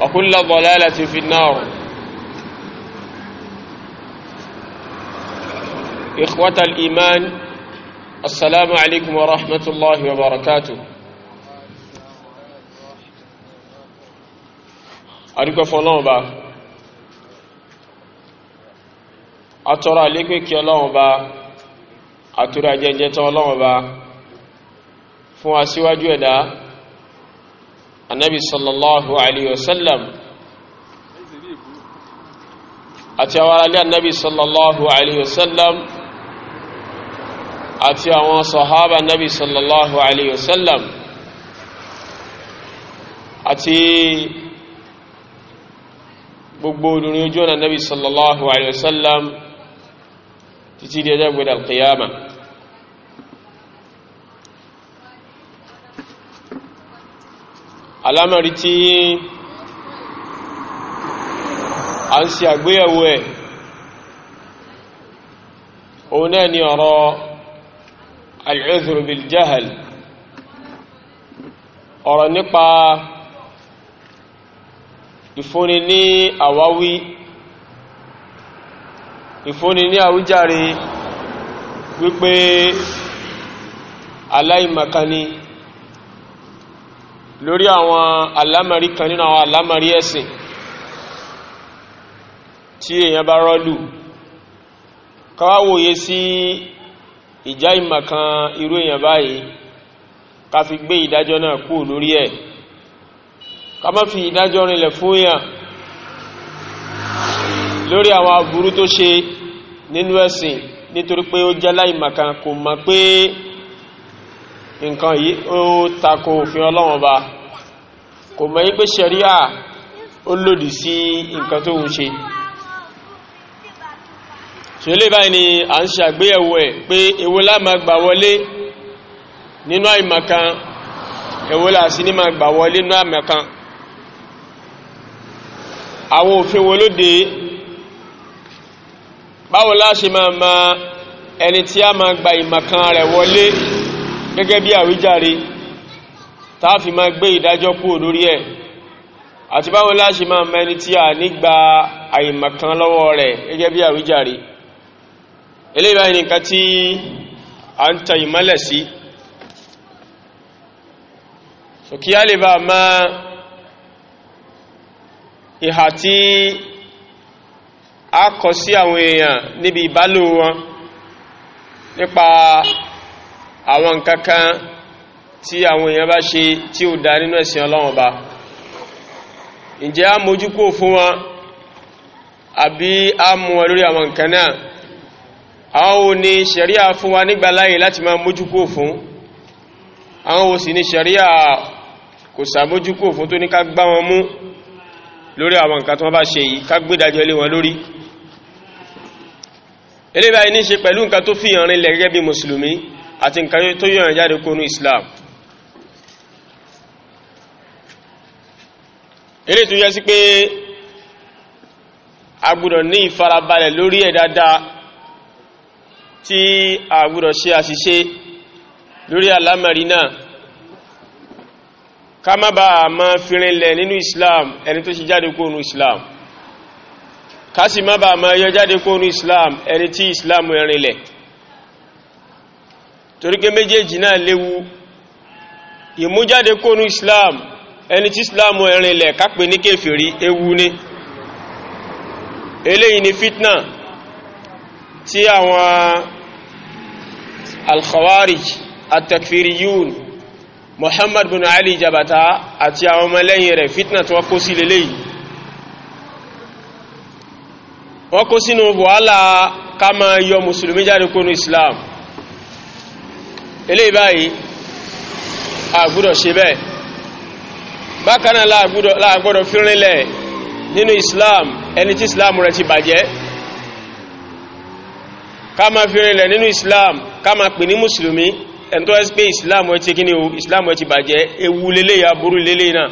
وكل ضلالة في النار إخوة الإيمان السلام عليكم ورحمة الله وبركاته أرجو فلان با أترى لك كي الله با أترى جنجة الله با فواسي وجوه النبي صلى الله عليه وسلم اتيوالا النبي صلى الله عليه وسلم اتيوا صحابه النبي صلى الله عليه وسلم اتي بغبود نيجون النبي صلى الله عليه وسلم تجي دي القيامه alámọ̀rí tí a ń ṣe àgbéyẹ̀wò ẹ̀ òun náà ni ọ̀rọ̀ al-udhru bil jahl ọ̀rọ̀ nípa ìfúnni ní àwáwí ìfúnni ní àwíjàre wípé aláìmọ̀kan lórí àwọn alámàrí kan nínú àwọn alámàrí ẹ̀sìn tí èèyàn bá rọ́lù káwáwòye sí ìjà ìmọ̀kan irú èèyàn báyìí ká fi gbé ìdájọ́ náà kú lórí ẹ̀ ká má fi ìdájọ́ rinlẹ̀ fún èèyàn lórí àwọn aburú tó ṣe nínú ẹ̀sìn nítorí pé ó jẹ́ láìmọ̀kan kò mọ̀ pé nǹkan yìí ó tako òfin ọlọ́run ọba kò mọ̀ yí pé ṣẹ̀ríà ó lòdì sí nǹkan tó ń ṣe ṣẹlẹ̀ báyìí ni à ń ṣàgbéyẹ̀wò ẹ̀ pé èwo la máa gbà wọlé nínú àìmọ̀kan èwo la sì ní máa gbà wọlé nínú àìmọ̀kan àwọn òfin wo lóde báwo la ṣe máa ma ẹni tí a máa gba ìmọ̀kan rẹ̀ wọlé gẹ́gẹ́ bí àwíjàre tààfi máa gbé ìdájọ́ kúrò lórí ẹ̀ àti báwo láṣe máa mẹni tí a nígbà àìmọ̀kan lọ́wọ́ rẹ̀ gẹ́gẹ́ bí àwíjàre eléyìí báyìí nìkan tí a ń tan ìmọ́lẹ̀ sí kí a lè bá máa ìhà tí a kọ sí àwọn èèyàn níbi ìbálò wọn nípa àwọn kankan tí àwọn èèyàn bá ṣe tí ó dá nínú ẹ̀sìn ọlọ́wọ́n ba ǹjẹ́ a mójú kó fún wọn àbí a mú wọn lórí àwọn nǹkan náà àwọn ò ní ṣẹ̀ríà fún wa nígbà láyè láti máa mójú kó fún àwọn ò sì ní ṣẹ̀ríà kò sàmójú kó fún tó ní ká gbá wọn mú lórí àwọn nǹkan tó wọ́n bá ṣe yìí ká gbédájọ́ lé wọn lórí eléyìí báyìí ní ṣe pẹ̀lú nǹkan tó fi hàn rinlẹ̀ gẹ́gẹ́ bí mùsùlùmí àti nǹkan tó yọ̀yàn jáde kó nú islam ilé tó yẹ sí pé a gbọ́dọ̀ ní ìfarabalẹ̀ lórí ẹ̀ dáadáa tí a gbọ́dọ̀ ṣe àṣìṣe lórí alámàrí náà ká má bàa máa firinlẹ̀ nínú islam ẹni tó ṣe jáde kó nú islam ká sì má bàa máa yọ jáde kó nú islam ẹni tí islam rinlẹ̀ torí pé méjèèjì náà léwu ìmújáde kónú islam ẹni tí islam ẹ̀rin ilẹ̀ kápẹ́ ní kèfèrí ewu ni eléyìí ni fitna tí àwọn al-khawarij at-takfiriyun muhammad bin ali jabata àti àwọn ọmọlẹ́yìn rẹ̀ fitna tí wọ́n kó sí lélẹ́yìí wọ́n kó sínú wàhálà ká máa yọ mùsùlùmí jáde kónú islam eléyìí báyìí a gbọ́dọ̀ ṣe bẹ́ẹ̀ bákan náà la gbọ́dọ̀ fi rinlẹ̀ nínú islam ẹni tí islam rẹ̀ ti bàjẹ́ ká máa fi nínú islam ká máa pè ní mùsùlùmí ẹni tó ẹ́sì pé islam rẹ̀ ti kíni o islam rẹ̀ ti bàjẹ́ ewu lélẹ̀ aburú lélẹ̀ náà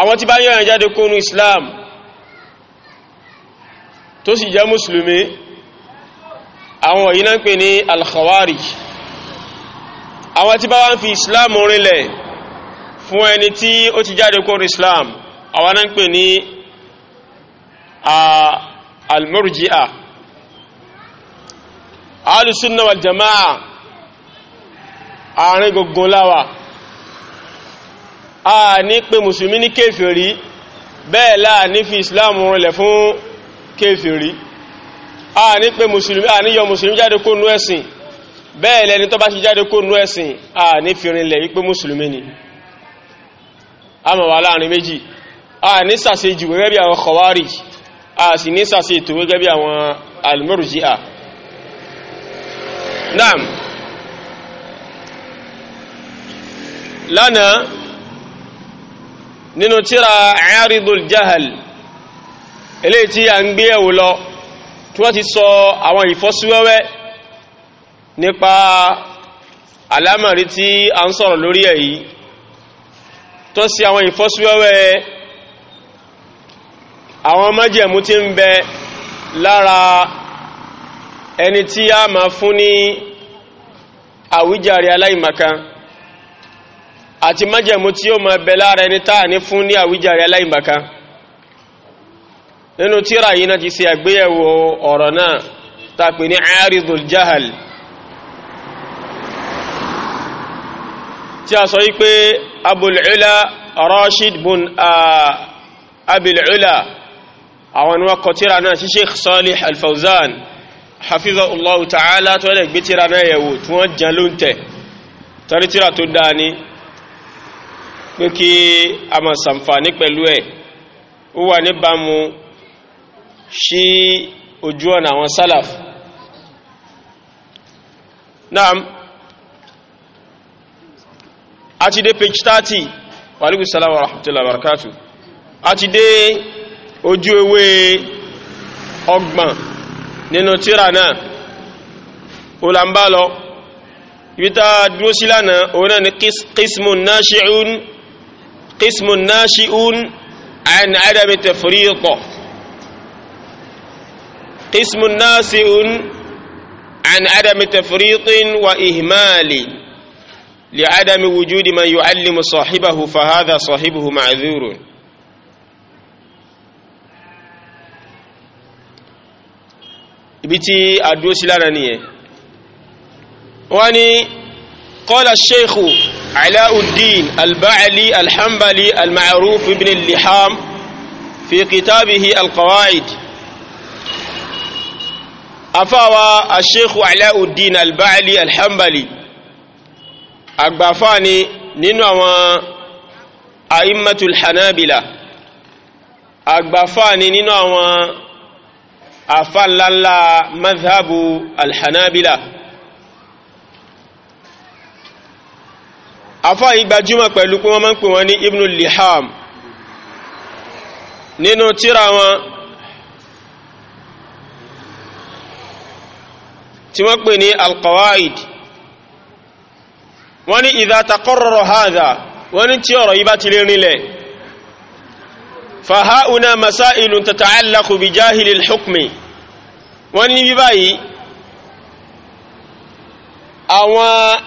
àwọn tí bá yọ̀yàn jáde kónú islam tó sì jẹ́ mùsùlùmí àwọn yìí náà ń pè ní al-khawarij àwọn tí bá wá ń fi islam rinlẹ̀ fún ẹni tí ó ti jáde kó rí islam àwọn náà ń pè ní al-murji'a alùsùnà jama'a àárín gbogbo láwà a ní pé mùsùlùmí ní kéfèrí bẹ́ẹ̀ láà ní fi islam rinlẹ̀ fún kéfèrí a ní pé mùsùlùmí a ní yọ mùsùlùmí jáde kó nú ẹ̀sìn bẹ́ẹ̀ lẹni tó bá ti jáde kó nú ẹ̀sìn a ní fìrinlẹ̀ wípé mùsùlùmí ni a mọ̀ wà láàrin méjì a ní sàṣe jù gẹ́gẹ́ bí àwọn kọwárì a ní sàṣe ètò gẹ́gẹ́ bí àwọn almurji'a naam lánàá nínú tíra A'ridul Jahl eléyìí tí a ń gbé ẹ̀wò lọ tí wọ́n ti sọ àwọn ìfọ́síwẹ́wẹ́ nípa alámọ̀rí tí a ń sọ̀rọ̀ lórí ẹ̀ yìí tó sì àwọn ìfọ́síwẹ́wẹ́ àwọn májẹ̀mú tí ń bẹ lára ẹni tí a máa fún ní àwíjàre aláìmọ̀kan àti májẹ̀mú tí ó máa bẹ lára ẹni táà ní fún ní àwíjàre aláìmọ̀kan nínú tíra yìí náà ti ṣe àgbéyẹ̀wò ọ̀rọ̀ náà tàpé ní àárídùl jahal tí a sọ wípé abul'ula rashid bun abil'ula àwọn ni wọ́n kọ tíra náà sí sheikh salih al-fawzan hafiza allahu ta'ala tó lè gbé tíra náà yẹ̀wò tí wọ́n jẹ́ ló ń tẹ̀ torí wà níbàámu sí ojú ọ̀nà àwọn sálàf naam a ti dé page 30 wàlúkú sálàwà rahmatullahi barakatu a ti dé ojú ewé ọgbọ̀n nínú tíra náà olambalo ibi ta dúró sí lánàá òun náà ni qismun nashi'un qismun nashi'un an adami tafriqo قسم ناسئ عن عدم تفريط وإهمال لعدم وجود من يعلم صاحبه فهذا صاحبه معذور بيتي أدوس lára واني قال الشيخ علاء الدين البعلي الحنبلي المعروف ابن اللحام في كتابه القواعد afáwa asheikhu aláùdín albáàlì alhambali àgbàfà ni nínú àwọn àìmàtul hanabila àgbàfà ni nínú àwọn àfàlálà mazhabu alhanabila afá ìgbàjúmọ̀ pẹ̀lú kí wọ́n máa ń pè wọ́n ní liham nínú tíra wọn tí wọ́n pè ní alkawaid wọ́n ní ìdáta kọ́rọ̀rọ̀ haza wọ́n ní tí ọ̀rọ̀ yìí bá ti lè rinlẹ̀ fàháùná masáìlù tàtà alákù bí jáhìlì hukmi wọ́n ní bí báyìí àwọn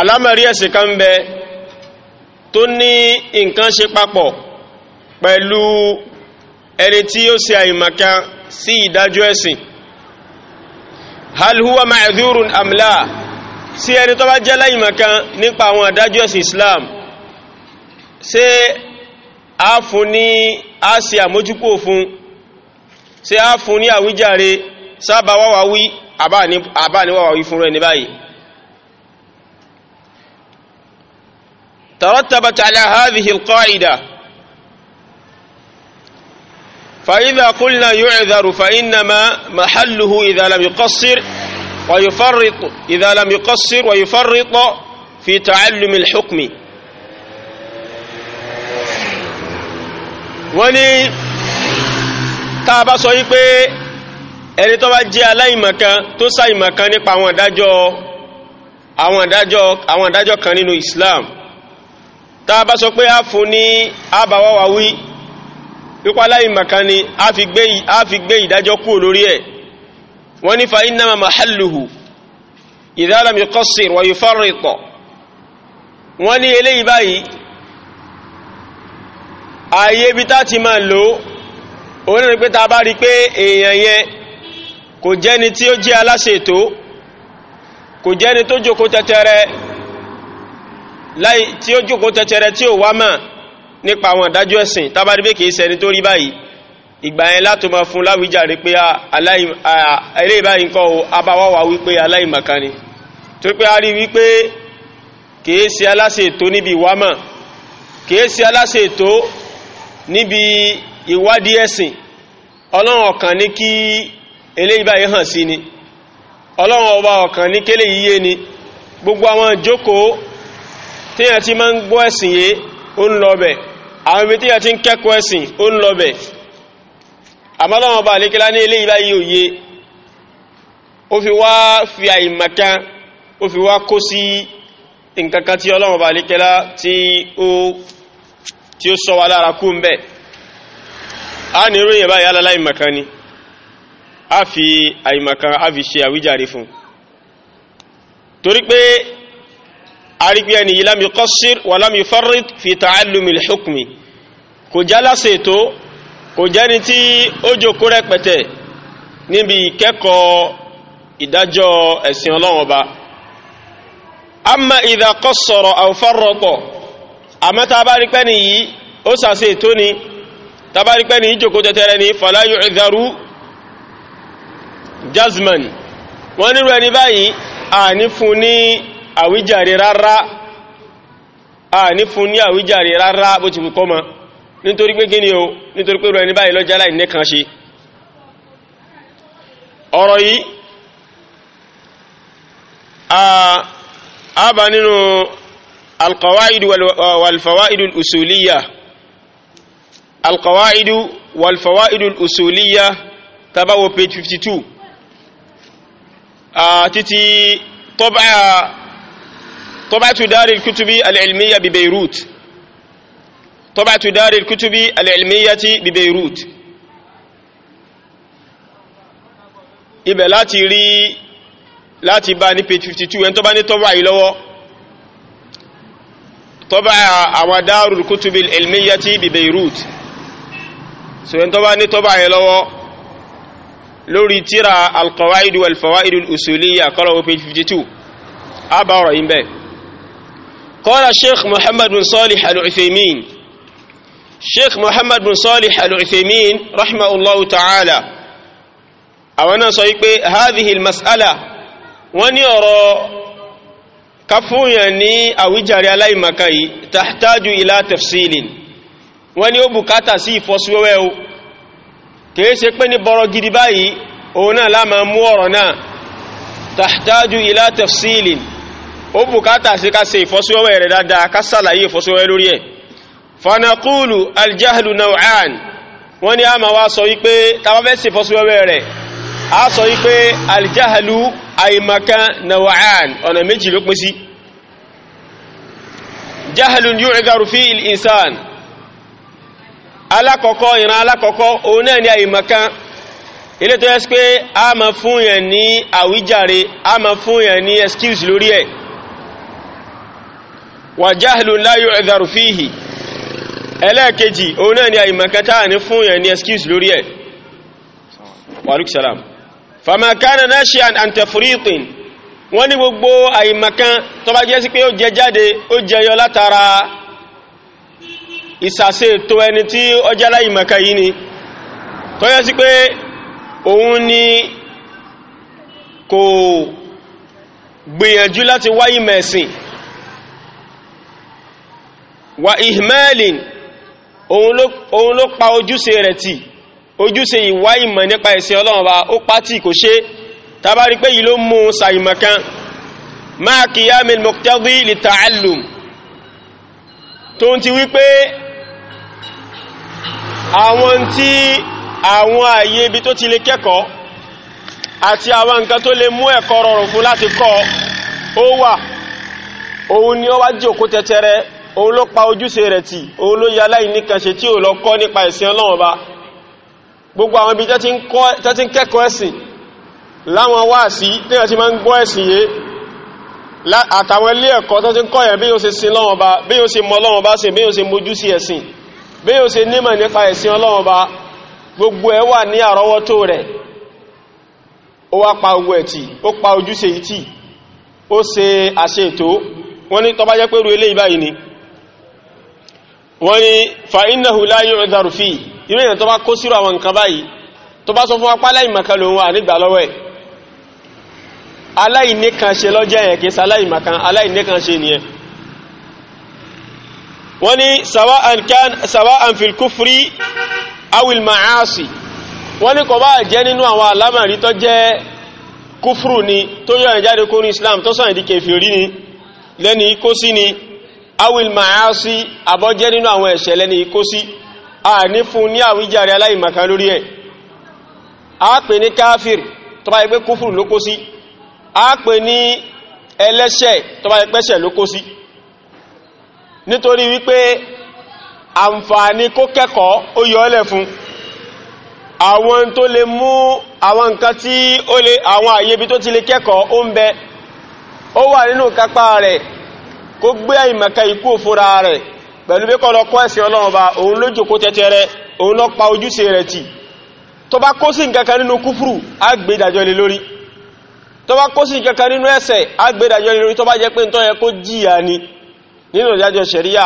alámàrí ẹ̀sìn kan bẹ tó ní nǹkan ṣe papọ̀ pẹ̀lú ẹni tí ó ṣe àìmọ̀kan sí ìdájọ́ ẹ̀sìn hal huwa ma'dhurun am la sí ẹni tó bá jẹ́ láìmọ̀kan nípa àwọn àdájọ́ ẹ̀sìn islam ṣé a fún ní a ṣe àmójúkò fún ṣé a fún ní àwíjàre sábà wáwáwí àbáníwáwáwí fún rẹ̀ ní báyìí tarattabat ala hadhihi alqa'ida فإذا قلنا يعذر فإنما محله إذا لم يقصر ويفرط إذا لم يقصر ويفرط في تعلم الحكم ولي tá bá sọ wípé ẹni tó bá jẹ́ aláìmọ̀kan tó ṣàìmọ̀kan nípa àwọn ìdájọ́ àwọn ìdájọ́ àwọn ìdájọ́ kan nínú Islam tá bá sọ pé a fún ní àbáwáwá wí wípé aláìmọ̀kan ni a fi gbé ìdájọ́ kúrò lórí ẹ̀ wọ́n ní fa innama mahalluhu idha lam yuqassir wa yufarrita wọ́n ní eléyìí báyìí ààyè ibi tá ti máa lò ó ní pé ta bá rí pé èèyàn yẹn kò jẹ́ni tí ó jẹ́ aláṣètò kò jẹ́ni tí ó jókòó tẹ́tẹ́rẹ́ tí ó wá máa nípa àwọn ìdájọ́ ẹ̀sìn tábàdí pé kìí ṣẹni tó rí báyìí ìgbà yẹn láti máa fún láwíjàre pé ah, ah, eré báyìí nǹkan o abáwáwá wípé aláìmọ̀kan ni torí pé a rí wípé kìí ṣe aláṣẹ ètò níbi ìwámọ̀ kìí ṣe aláṣẹ ètò níbi ìwádìí ẹ̀sìn ọlọ́run ọ̀kan ní kí eléyìí báyìí hàn sí ni ọlọ́run ọba ọ̀kan ní kélé yíyé ni gbogbo àwọn ìjókòó téèyàn ti máa ń gbọ́ ẹ̀sìn yé ó ń lọ bẹ̀ àwọn ibi tí a ti ń kẹ́kọ̀ọ́ ẹ̀sìn ó ń lọ́bẹ̀ àmọ́lọ́wọ́n bá àlékẹ́lá ní ilé ìbáyé òye ó fi wá fi àìmọ̀kan ó fi wá kó sí nǹkankan tí ọlọ́wọ́n bá àlékẹ́lá tí ó sọ wà lára kú ń bẹ̀ a ní ròyìn báyìí alálá ìmọ̀kan ni a fi àìmọ̀kan a fi ṣe àwíjàre fún torí pé arígbé ẹni yìí lámì kọ́sír wà lámì fọ́rìd fi tààlùmì hukmi kò já lásẹ̀ tó kò jẹ́ni tí ó jókòó rẹpẹtẹ níbi ìkẹ́kọ̀ọ́ ìdájọ́ ẹ̀sìn ọlọ́run ọba amma idha qassara aw farraqa àmọ́ tá a bá rí pẹ́ ni yìí ó sàṣe tó ni ni fala yu'dharu jazman wọ́n nírú ẹni báyìí àní fún àwíjàre rárá a ní fún ní àwíjàre rárá bó ti kọ́ mọ́ nítorí pé gíní o nítorí pé rẹ̀ ní báyìí lọ́jà láì nẹ́kan ṣe ọ̀rọ̀ yìí a bá nínú alqawaidu walfawaidu usuliya alqawaidu usuliya tabawo page 52 títí tọ́bàá طبعة دار الكتب العلمية ببيروت طبعة دار الكتب العلمية ببيروت ibẹ̀ láti rí láti bá ní page 52 ẹni tó bá ní tọ́bà yìí lọ́wọ́ tọ́bà àwọn Darul Kutubil Ilmiyyati bi Beirut so ẹni tó bá ní tọ́bà yìí lórí tíra Al-Qawaid wal Fawaid Al-Usuliyya kọ́lọ̀wọ́ page 52 a bá ọ̀rọ̀ yìí قال الشيخ محمد بن صالح العثيمين الشيخ محمد بن صالح العثيمين رحمه الله تعالى أولا صحيح هذه المسألة ونرى كفويني أو جاري علي مكاي تحتاج إلى تفصيل ونيوبو كاتاسي فوسويو كي كمني برو جدباي أونا لما مورنا تحتاج إلى تفصيل ó bùkátà sí ká ṣe ìfọ́síwẹ́wẹ́ rẹ̀ dáadáa ká sàlàyé ìfọ́síwẹ́wẹ́ lórí ẹ̀ fanakulu aljahlu naw'an wọ́n ní a ma wá sọ wípé tàbábẹ́ sí ìfọ́síwẹ́wẹ́ rẹ̀ a sọ wípé aljahlu àìmọ̀kan naw'an ọ̀nà méjì ló pín sí jahlun yu'dharu fi al-insan alákọ̀ọ́kọ́ ìran alákọ̀ọ́kọ́ òun náà ni àìmọ̀kan ilé tó yẹ sí pé a ma fún yẹn ní àwíjàre a ma fún yẹn ní excuse lórí ẹ̀ wa jahlun la yu'dharu fihi ẹlẹ́ẹ̀kejì òun náà ni àìmọ̀kẹta ní fún yẹn ní excuse lórí ẹ̀ wàlúk salam fama kana nashi'an an tafriqin wọ́n ní gbogbo àìmọ̀kan tó bá jẹ́ sí pé ó jẹ jáde ó jẹyọ látara ìsàsẹ̀ ètò ẹni tí ọjá láìmọ̀kan yìí ni tó yẹ sí pé òun ni kò gbìyànjú láti wáyìí mẹ̀sìn wa ihmalin òun ló pa ojúṣe rẹ̀ tì ojúṣe ìwá ìmọ̀ nípa ẹ̀sìn ọlọ́run bá ó pátì kò ṣe tàbárí pé yìí ló mú sàìmọ̀ kan máa qiyamil muqtadi li ta'allum tó ń ti wípé àwọn tí àwọn àyè ibi tó ti lè kẹ́kọ̀ọ́ àti àwọn nǹkan tó lè mú ẹ̀kọ́ rọrùn fún láti kọ́ ó wà òun ni ó wá jòkó tẹ́tẹ́rẹ́ òun ló pa ojúṣe rẹ̀ tì òun ló yà láì níkanṣe tí ò lọ kọ́ nípa ẹ̀sìn ọlọ́run ba gbogbo àwọn ibi tẹ́ ti ń kẹ́kọ̀ọ́ ẹ̀sìn láwọn wáàsí tí wọ́n ti máa ń gbọ́ ẹ̀sìn yé àtàwọn ilé ẹ̀kọ́ tó ti ń kọ́yẹ̀ bí yóò ṣe sin lọ́wọ́n ba bí yóò ṣe mọ lọ́wọ́n ba sí bí yóò ṣe mojú sí ẹ̀sìn bí yóò ṣe nímọ̀ nípa ẹ̀sìn ọlọ́wọ́n ba gbogbo ẹ̀ wà ní àrọ́wọ́tó rẹ̀ ó wá pa ogun ẹ̀tì ó pa ojúṣe ìtì ó ṣe àṣẹ ètò wọ́n ní tó eléyìí báyìí ni wọ́n ni fa innahu la yu'dharu fi irú èyàn tó bá kó sírò àwọn nǹkan báyìí tó bá sọ fún apá aláìmọ̀kan lòun wà nígbà lọ́wọ́ ẹ̀ aláìníkanṣe lọ́jẹ́ yẹn kìí saláìmọ̀kan aláìníkanṣe nìyẹn wọ́n ni sawa'an kan sawa'an kufri awil ma'asi wọ́n ni kò bá jẹ́ nínú àwọn alámàrí tó jẹ́ kúfùrù ni tó yọ ìjáde kó ní Islam tó sọ̀rọ̀ ìdíkẹfì rí ni lẹ́ni kó sí ni awil ma'asi abọ́jẹ́ nínú àwọn ẹ̀ṣẹ̀lẹ́ ní ikó sí a ní fún ní àwíjàre aláìmàkà lórí ẹ̀ a pè ní káfíìr tó kúfùrù ló kó sí a pè ní ẹlẹ́ṣẹ̀ tó bá ẹgbẹ́ṣẹ̀ ló kó sí nítorí wípé àǹfààní kó kẹ́kọ̀ọ́ ó yọ ọ́lẹ̀ fún àwọn tó lè mú àwọn nǹkan tí ó lè àwọn àyèbí tó ti lè kẹ́kọ̀ọ́ ó ń bẹ ó wà nínú kápá rẹ̀ kó gbé àìmọ̀kẹ́ ikú fúra rẹ̀ pẹ̀lú bí kọ́lọ kọ́ ẹ̀sìn ọlọ́run bá òun ló jòkó tẹ́tẹ́rẹ òun lọ pa ojúṣe rẹ̀ tì tó bá kó sí nǹkankan nínú kúfùrù á gbé lé lórí tó bá kó nínú ẹ̀ṣẹ̀ á gbé lé lórí tó bá pé nítorí yẹ kó jìyà ni nínú ìdájọ́ ṣẹ̀ríyà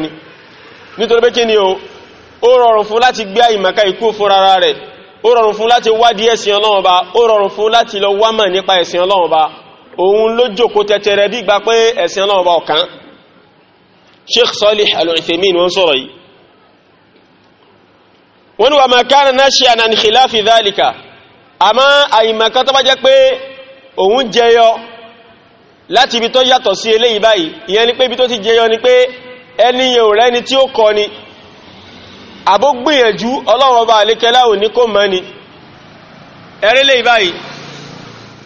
ni nítorí pé ni o ó rọrùn fún láti gbé ó rọrùn fún láti wádìí òun ló jòkó tẹ́tẹ́rẹ bí gba pé ẹ̀sìn ọlọ́run bá ọ̀kan sheikh Salih Al-Uthaymin wọ́n sọ̀rọ̀ yìí wọ́n ni wà máa kára náà ṣe ànà nìkìlá fi dhalika àmọ́ àyìnmọ̀kan tó bá jẹ́ pé òun jẹyọ láti ibi tó yàtọ̀ sí eléyìí báyìí ìyẹn ni pé ibi tó ti jẹyọ ni pé ẹni yẹn ò rẹ́ni tí ó kọ ni àbó gbìyànjú ọlọ́run àlékẹ́lá ò ní kó mọ́ ni ẹ̀rẹ́lẹ́yìí báyìí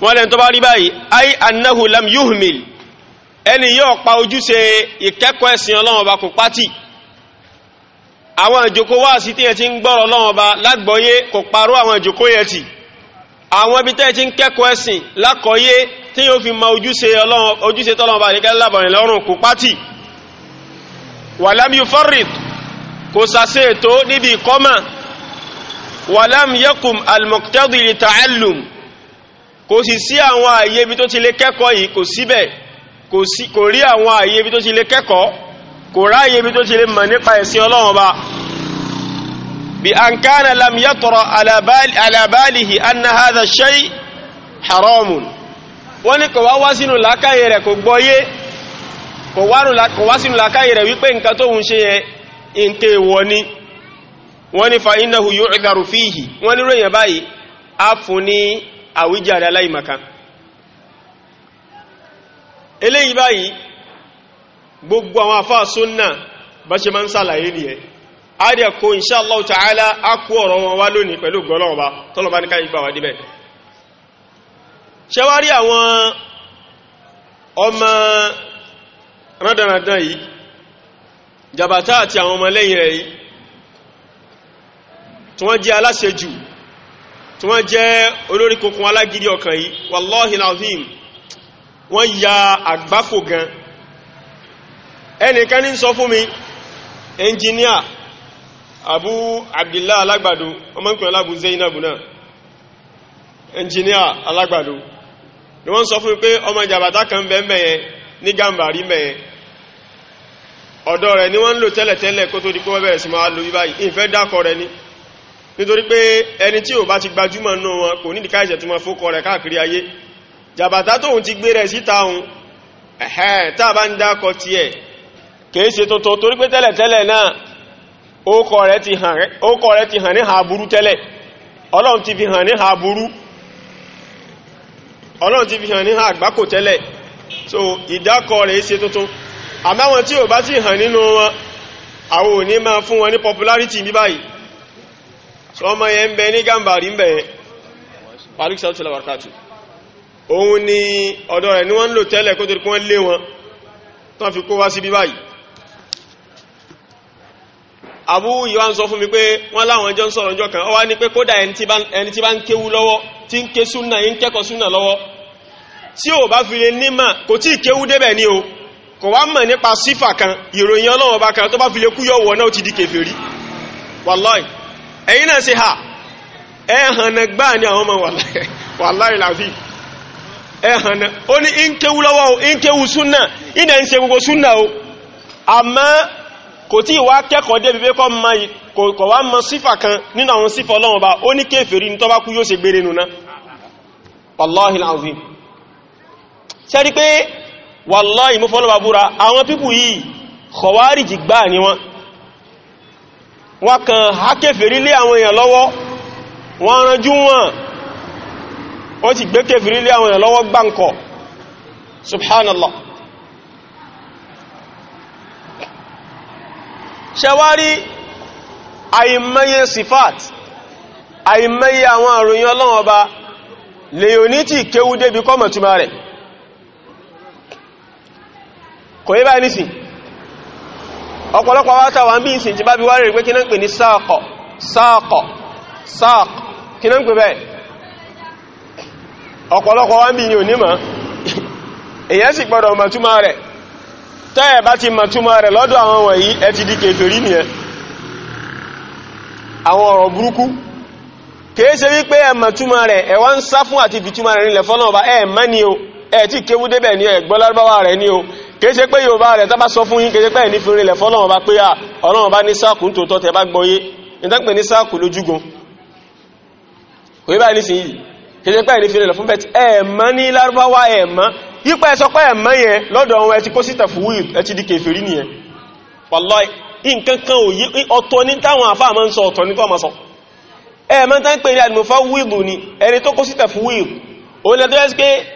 wọ́n lẹ́n tó bá rí báyìí ay annahu lam yuhmil ẹni yóò pa ojúṣe ìkẹ́kọ̀ọ́ ẹ̀sìn ọlọ́run ọba kò pátì àwọn ìjòkó wá sí tíyẹn ti ń gbọ́rọ̀ ọlọ́run ọba lágbọ́yé kò parọ́ àwọn ìjòkó yẹn tì àwọn ibi tẹ́ẹ̀ ti ń kẹ́kọ̀ọ́ ẹ̀sìn lákọ̀ọ́yé tí yóò fi mọ ojúṣe tọ́lọ́run ọba àdékẹ́ lábọ̀rìn kò sì sí àwọn àyè ibi tó ti lè kẹ́kọ̀ọ́ yìí kò síbẹ̀ kò rí àwọn àyè ibi tó ti lè kẹ́kọ̀ọ́ kò ráyè ibi tó ti lè mọ̀ nípa ẹ̀sìn Ọlọ́run Ọba bí an kana lam yatra ala balihi anna hadha ash-shay' haramun wọ́n ní kò wá wá sínú làákàyè rẹ̀ kò gbọ́yé kò wá sínú làákàyè rẹ̀ wípé nǹkan tó ń ṣe yẹn ń tè ni wọ́n ní fa innahu yu'dharu fihi wọ́n ní ròyìn báyìí a fún ní àwíjàre aláìmọ̀kan eléyìí báyìí gbogbo àwọn àfáà súnnà bá ṣe máa ń sàlàyé nìyẹn a dẹ̀ kó insha Allah ta'ala á kú ọ̀rọ̀ wọn wá lónìí pẹ̀lú gọ́lọ́ọ̀bá tọ́lọ̀bá ní káyí gbà wà débẹ̀ ṣẹwárí àwọn ọmọ rádàrádàn yìí tí wọ́n jẹ́ olórí kokun alágídí ọkàn yìí wallahi nazim wọ́n ya àgbáfò gan ẹnìkan ní sọ fún mi ẹnjìníà abu alagbado alágbàdo ọmọ ìpínlẹ̀ alábù zainabu náà ẹnjìníà alágbàdo ni wọ́n sọ fún mi pé ọmọ ìjàbàtà kan bẹ́ẹ̀ yẹn ní rí mẹ́ẹ̀ ọ̀dọ̀ rẹ̀ ni wọ́n ń lò tẹ́lẹ̀tẹ́lẹ̀ kó tó di bẹ̀rẹ̀ sí máa ìfẹ́ dákọ̀ nítorí pé ẹni tí ò bá ti gbajúmọ̀ náà wọn kò ní ìdíká ìṣẹ̀ tó mọ́ fókọ rẹ̀ káàkiri ayé jàbàtà tóhun ti gbé rẹ̀ síta ohun ẹ̀hẹ́ tá a bá ń dákọ ti ẹ̀ kìí ṣe tuntun torí pé tẹ́lẹ̀tẹ́lẹ̀ náà ókọ rẹ̀ ti hàn ní so ìdákọ rẹ̀ ṣe tuntun àmáwọn tí ò bá ti hàn nínú wọn àwọn ní popularity bí báyìí ọmọ yẹn bẹ ní gàmbàrí bẹ yẹn pàlúkì ni ọ̀dọ̀ rẹ̀ ní wọ́n ń lò tẹ́lẹ̀ kó torí wọ́n lé wọn tán fi kó wá sí bí báyìí àbú yìí wá ń sọ fún mi pé wọ́n láwọn jọ ń sọ̀rọ̀ ọjọ́ kan ó wá ní pé kódà ẹni tí bá ń kéwú lọ́wọ́ tí ń ké súnà yí ń kẹ́kọ̀ọ́ súnà lọ́wọ́ tí ò bá fi lè nímà kò tí ìkéwú débẹ̀ ní o kò wá mọ̀ nípa sífà kan ìròyìn ọlọ́wọ́ bá kan tó bá fi lè kú yọ̀wọ̀ náà ti di kèfèrí wàláì ẹ̀yin náà ṣe ha ẹ̀hànà gbáà ní àwọn ọmọ wàláì láàfí ẹ̀hànà ó ní ìkéwú lọ́wọ́ o ìkéwú súnà ìdẹ̀ ń ṣe gbogbo súnà o àmọ́ kò tí ìwá kẹ́kọ̀ọ́ débi pé kọ́ wá mọ sífà kan nínú àwọn sífà ọlọ́wọ́n bá ó ní kéfèrí ní tọ́bá yóò ṣe gbére nùná wàláì láàfí sẹ́rí pé wàláì mú fọ́lọ́bà àwọn pípù yìí kọ̀wárìjì gbáà ni wọ́n wọ́n kàn hákèfèrí lé àwọn èèyàn lọ́wọ́ wọ́n ránjú wọn ó ti gbé kèfèrí lé àwọn èèyàn lọ́wọ́ gbáǹkọ̀ subhanallah ṣẹwárí àìmẹ́yẹ sifat àìmẹ́yẹ àwọn àròyìn ọlọ́wọ́ ba leoniti kéwú débi kọ́mọ̀túmà rẹ̀ kò yí báyìí ọ̀pọ̀lọpọ̀ wátà wà ń bí ìsìn tí bí wá rẹ̀ pé kí náà ń pè ní sáàkọ̀ sáàkọ̀ sáàkọ̀ kí náà ń pè bẹ́ẹ̀ ọ̀pọ̀lọpọ̀ wá ń bí ní onímọ̀ èyẹ́ sì gbọ́dọ̀ mọ̀túmọ̀ rẹ̀ tẹ́ẹ̀ bá ti mọ̀túmọ̀ rẹ̀ lọ́dọ̀ àwọn wọ̀nyí ẹ ti di kèfèrí nìyẹn àwọn ọ̀rọ̀ burúkú wípé ẹ mọ̀túmọ̀ rẹ̀ ẹ wá ń sá o ẹ ti kéwú débẹ̀ ẹ o kéṣe pé yorùbá rẹ̀ tá bá sọ fún yín kéṣe pé ẹni fi rinlẹ̀ fọ́lọ́wọ́n bá pé à ọlọ́wọ́n bá ní sáàkù ń tòótọ́ tẹ bá gbọ́yé ìtànpẹ̀ ní sáàkù lójúgun kò yí báyìí nísìnyí kéṣe pé ẹni fi rinlẹ̀ fún bẹ́ẹ̀ ẹ̀mọ́ ní lárúbáwá ẹ̀mọ́ yípa ẹ̀sọ́ pé ẹ̀mọ́ yẹn lọ́dọ̀ wọn ẹ ti kó síta fún ẹ ti di kèfèrí nìyẹn wallahi nǹkan kan ò yí ọ̀tọ̀ ní táwọn àfáà máa ń sọ ọ̀tọ̀ ní tó máa sọ ẹ̀mọ́ tá ń pè ní àdìmọ̀fá wíìlù ni ẹni tó kó síta fún wíìlù òun lẹ́tọ́ yẹ́ sí pé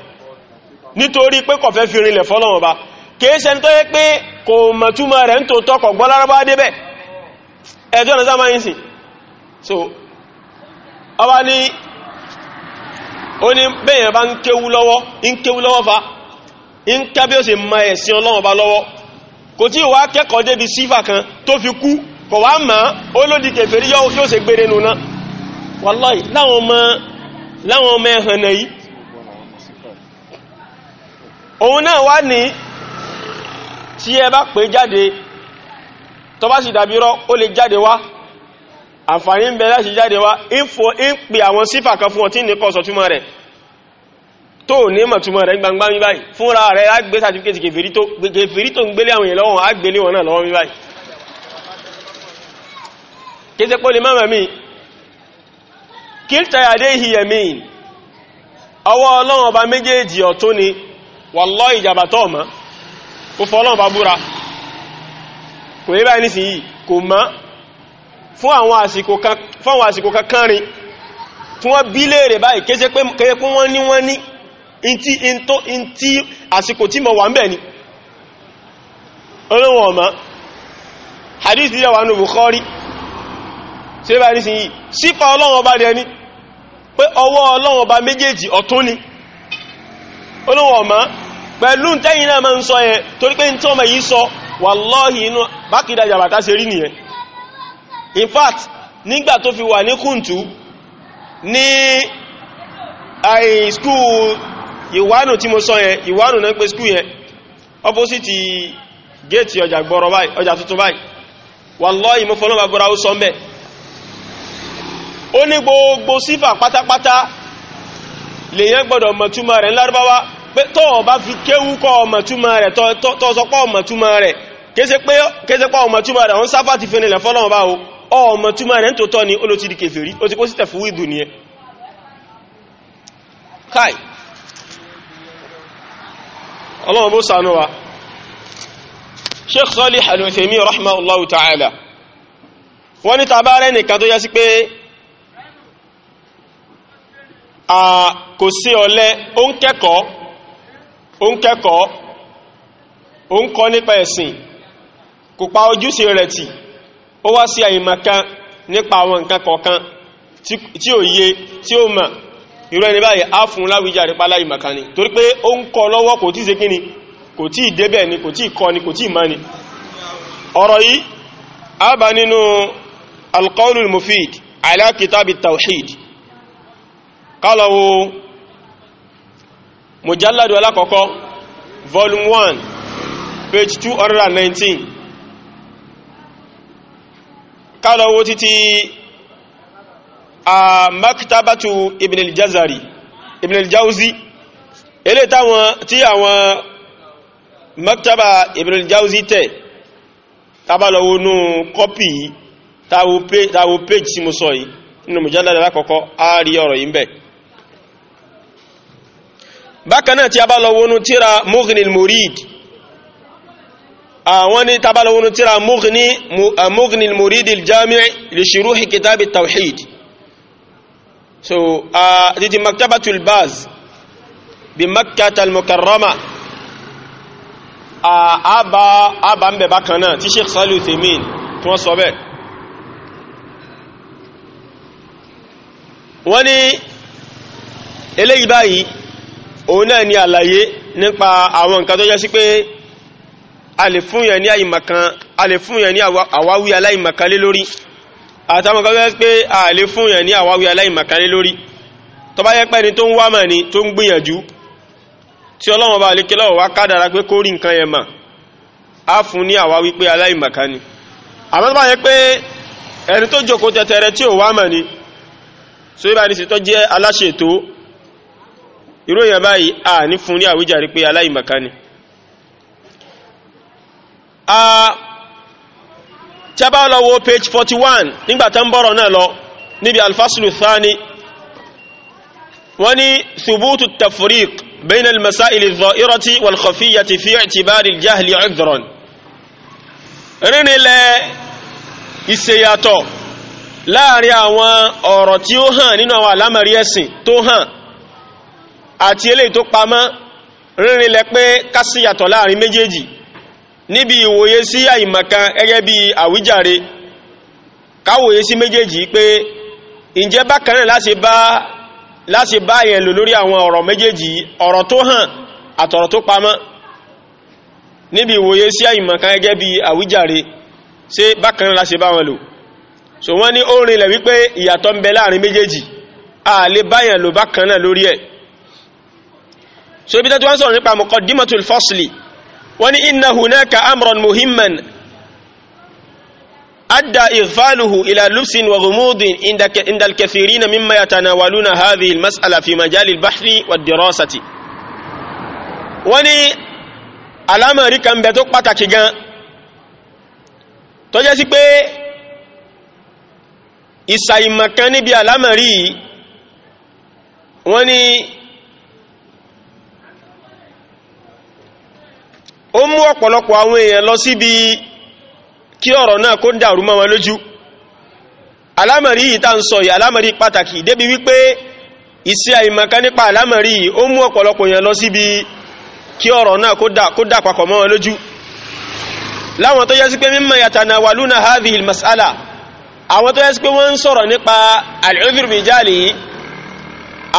nítorí pé kò fẹ́ fi rinlẹ̀ fọ́lọ́wọ́n ba kìí ṣe tó yẹ pé kò mọ̀túmọ̀ rẹ̀ ń tó tọ́kọ̀ gbọ́lárọ́bá débẹ̀ ẹjọ́ na sáma yìí sí so ọba ní ó ní bẹ́yẹn bá ń kéwú lọ́wọ́ ń kéwú lọ́wọ́ fa ń ká bí ó sì ma ẹ̀sìn ọlọ́wọ́n lọ́wọ́ kò tí wá kẹ́kọ̀ọ́ débi sífà kan tó fi kú kò wá mọ̀ ó lòdì kẹfẹ́rí yọ́ kí ó sì gbére nù náà wàláì láwọn ọmọ ẹ̀hàn náà yìí òun náà wá ní tí ẹ bá pè jáde tó bá sì dàbí rọ́ ó lè jáde wá àǹfààní ń bẹ láti jáde wá ń pè àwọn sífà kan fún ọ tí ní kọ́ sọ túmọ̀ rẹ̀ tó ní mọ̀ túmọ̀ rẹ̀ gbangba mi báyìí fúnra rẹ̀ á gbé sàtífíkẹ́tì kèfèrí gbélé àwọn èèyàn lọ́wọ́ wọn náà lọ́wọ́ mi báyìí kése wallahi ìjàmbá tọ́ ọ̀mọ́ kò fọ́lọ́n bá búra kò yí báyìí nísìnyí kò mọ́ fún àwọn àsìkò kankanrin tí wọ́n bí léèrè báyìí kéṣe pé wọ́n ní wọ́n ní ìntí ìntí àsìkò tí mọ̀ wà ń bẹ̀ ni olóhun ọ̀mọ́ hadith yẹ wà ní Bukhari ṣe báyìí nísìnyí sípa ọlọ́run ọba rẹ̀ pé ọwọ́ ọlọ́run ọba méjèèjì ọ̀tún ni olóhun ọ̀mọ́ pẹ̀lú tẹ́yìn náà máa ń sọ yẹn torí pé tí ọmọ yìí sọ wàlọ́hì inú bákìdá jàbàtà ṣe rí nìyẹn in fact nígbà tó fi wà ní kùntù ní àì skúù ìwánù tí mo sọ yẹn ìwánù náà pé skúù yẹn opposite gate ọjà gbọ́rọ̀ báyìí ọjà tuntun báyìí wàlọ́hì mo fọ́nà bàbúrà ó sọ mẹ́ ó ní gbogbo sífà pátápátá lèyàn gbọ́dọ̀ mọ̀túmọ̀ rẹ̀ ńlárúbáwá pé tọ́ ọba fi kéwú kọ́ ọmọ̀túmọ̀ rẹ̀ tọ́ sọpọ̀ ọmọ̀túmọ̀ rẹ̀ kése pọ́ ọmọ̀túmọ̀ rẹ̀ wọ́n sáfà ti fẹ́nilẹ̀ fọ́lọ́wọ́ bá o ọmọ̀túmọ̀ rẹ̀ ń tó tọ́ ni olóti di kèfèrí o ti kó sí tẹ̀fúwí dùn ni ẹ káì ọlọ́run bó sànú wa Sheikh Salih Al-Uthaymin rahimahullahu ta'ala wọ́n ní tàbárẹ́ nìkan tó yẹ sí pé kò sí ọ̀lẹ ó ń kẹ́kọ̀ọ́ ó ń kẹ́kọ̀ọ́ ó ń kọ́ nípa ẹ̀sìn kò pa ojúṣe rẹ̀ tì ó wá sí àìmọ̀kan nípa àwọn nǹkan kọ̀ọ̀kan tí ó yé tí ó mọ̀ irú ẹni báyìí á fún láwíjà rí pálá ìmọ̀kan ni torí pé ó ń kọ́ lọ́wọ́ kò tí ṣe kíni kò tí débẹ̀ ni kò tí kọ́ ni kò tí mọ̀ ni ọ̀rọ̀ yìí á bá nínú alqaulul mufid ala kitab at-tawhid kálọ̀wọ́ mujalladu alakọ̀kọ́ volume 1 page 219 kálọ̀wó títí a maktabatu ibn al-jazari ibn al-jauzi ele táwọn ti àwọn maktaba ibn al-jauzi tẹ̀ tábàlọ̀wó nú copy táwọn page tí mo sọ yìí nínú mujalladu alakọ̀kọ́ a rí ọ̀rọ̀ yìí bẹ̀rẹ̀ bákan náà tí a bá lọ wọnú tíra Mughnil Murid àwọn ní tá bá lọ wọnú tíra Mughnil eh, Murid jami li Shuruh Kitab at-Tawhid so títí Maktabatul Baz bí Makkah al-Mukarrama àbá ń bẹ̀ bákan náà tí Sheikh Salih Uthaymeen tí wọ́n sọ bẹ́ẹ̀ wọ́n ní eléyìí báyìí òun náà ni àlàyé nípa àwọn nǹkan tó jẹ́ sí pé a lè fún yẹn ní àìmọ̀kan a lè fún yẹn ní àwáwí aláìmọ̀kan lé lórí àtàwọn kan tó pé a lè fún yẹn ní àwáwí aláìmọ̀kan lé lórí tó bá yẹ pé ẹni tó ń wá mà ní tó ń gbìyànjú tí ọlọ́run bá lè kílọ̀ wá kádàrá pé kó rí nǹkan yẹn mà á fún ní àwáwí pé aláìmọ̀kan ni àmọ́ tó bá yẹ pé ẹni tó jókòó tẹtẹrẹ tí ò wá mà ní so ibà ní sì tó jẹ́ aláṣètò ìròyìn báyìí a ní fún ní àwíjàrí pé aláìmọ̀ká ni a tí a bá lọ page 41 nígbàtà ń bọ́rọ̀ náà lọ níbi alfasulu thani wọ́n ní thubutu tafriq bayna al-masail adh-dha'irati wal-khafiyyati fi i'tibari al-jahli 'udhran rínilẹ̀ ìṣèyàtọ̀ láàrin àwọn ọ̀rọ̀ tí ó hàn nínú àwọn àlámàrí ẹ̀sìn tó hàn àti eléyìí tó pamọ́ rínrinlẹ̀ pé kásíyàtọ̀ láàrin méjèèjì níbi ìwòye sí àìmọ̀kan gẹ́gẹ́ bí àwíjàre káwòye sí méjèèjì pé ǹjẹ́ bákan náà láti bá láti bá yẹn lò lórí àwọn ọ̀rọ̀ méjèèjì ọ̀rọ̀ tó hàn àtọ̀rọ̀ tó pamọ́ níbi ìwòye sí àìmọ̀kan gẹ́gẹ́ bí àwíjàre ṣé bákan láti bá wọn lò so wọ́n ní ó rinlẹ̀ wípé ìyàtọ̀ ń bẹ láàrin méjèèjì a lè báyàn lò bákan náà lórí ẹ̀ so ibi tẹ́tí wọ́n sọ̀rọ̀ nípa muqaddimatul fasli wọ́n ní inna hunaka amran muhimman adda ighfaluhu ila lubsin wa ghumudin inda al-kathirina mimma yatanawaluna hadhihi al-mas'ala fi majali al-bahthi wa dirasati wọ́n ní alámọ̀rí kan bẹ tó pàtàkì gan tó jẹ́ sí pé ìsàìmọ̀kan níbi alámọ̀rí wọ́n ní ó mú ọ̀pọ̀lọpọ̀ àwọn èèyàn lọ síbi kí ọ̀rọ̀ náà kó dàrú mọ́ wọn lójú alámọ̀rí yìí tá ń sọ yìí alámọ̀rí pàtàkì débi wípé iṣẹ́ àìmọ̀ká nípa alámọ̀rí yìí ó mú ọ̀pọ̀lọpọ̀ èèyàn lọ síbi kí ọ̀rọ̀ náà kó dà papọ̀ mọ́ wọn lójú láwọn tó yẹ sí pé mímọ̀ yàtànà wà lúnà hadhihi al àwọn tó yẹ sí pé wọ́n ń sọ̀rọ̀ nípa al-udhr bi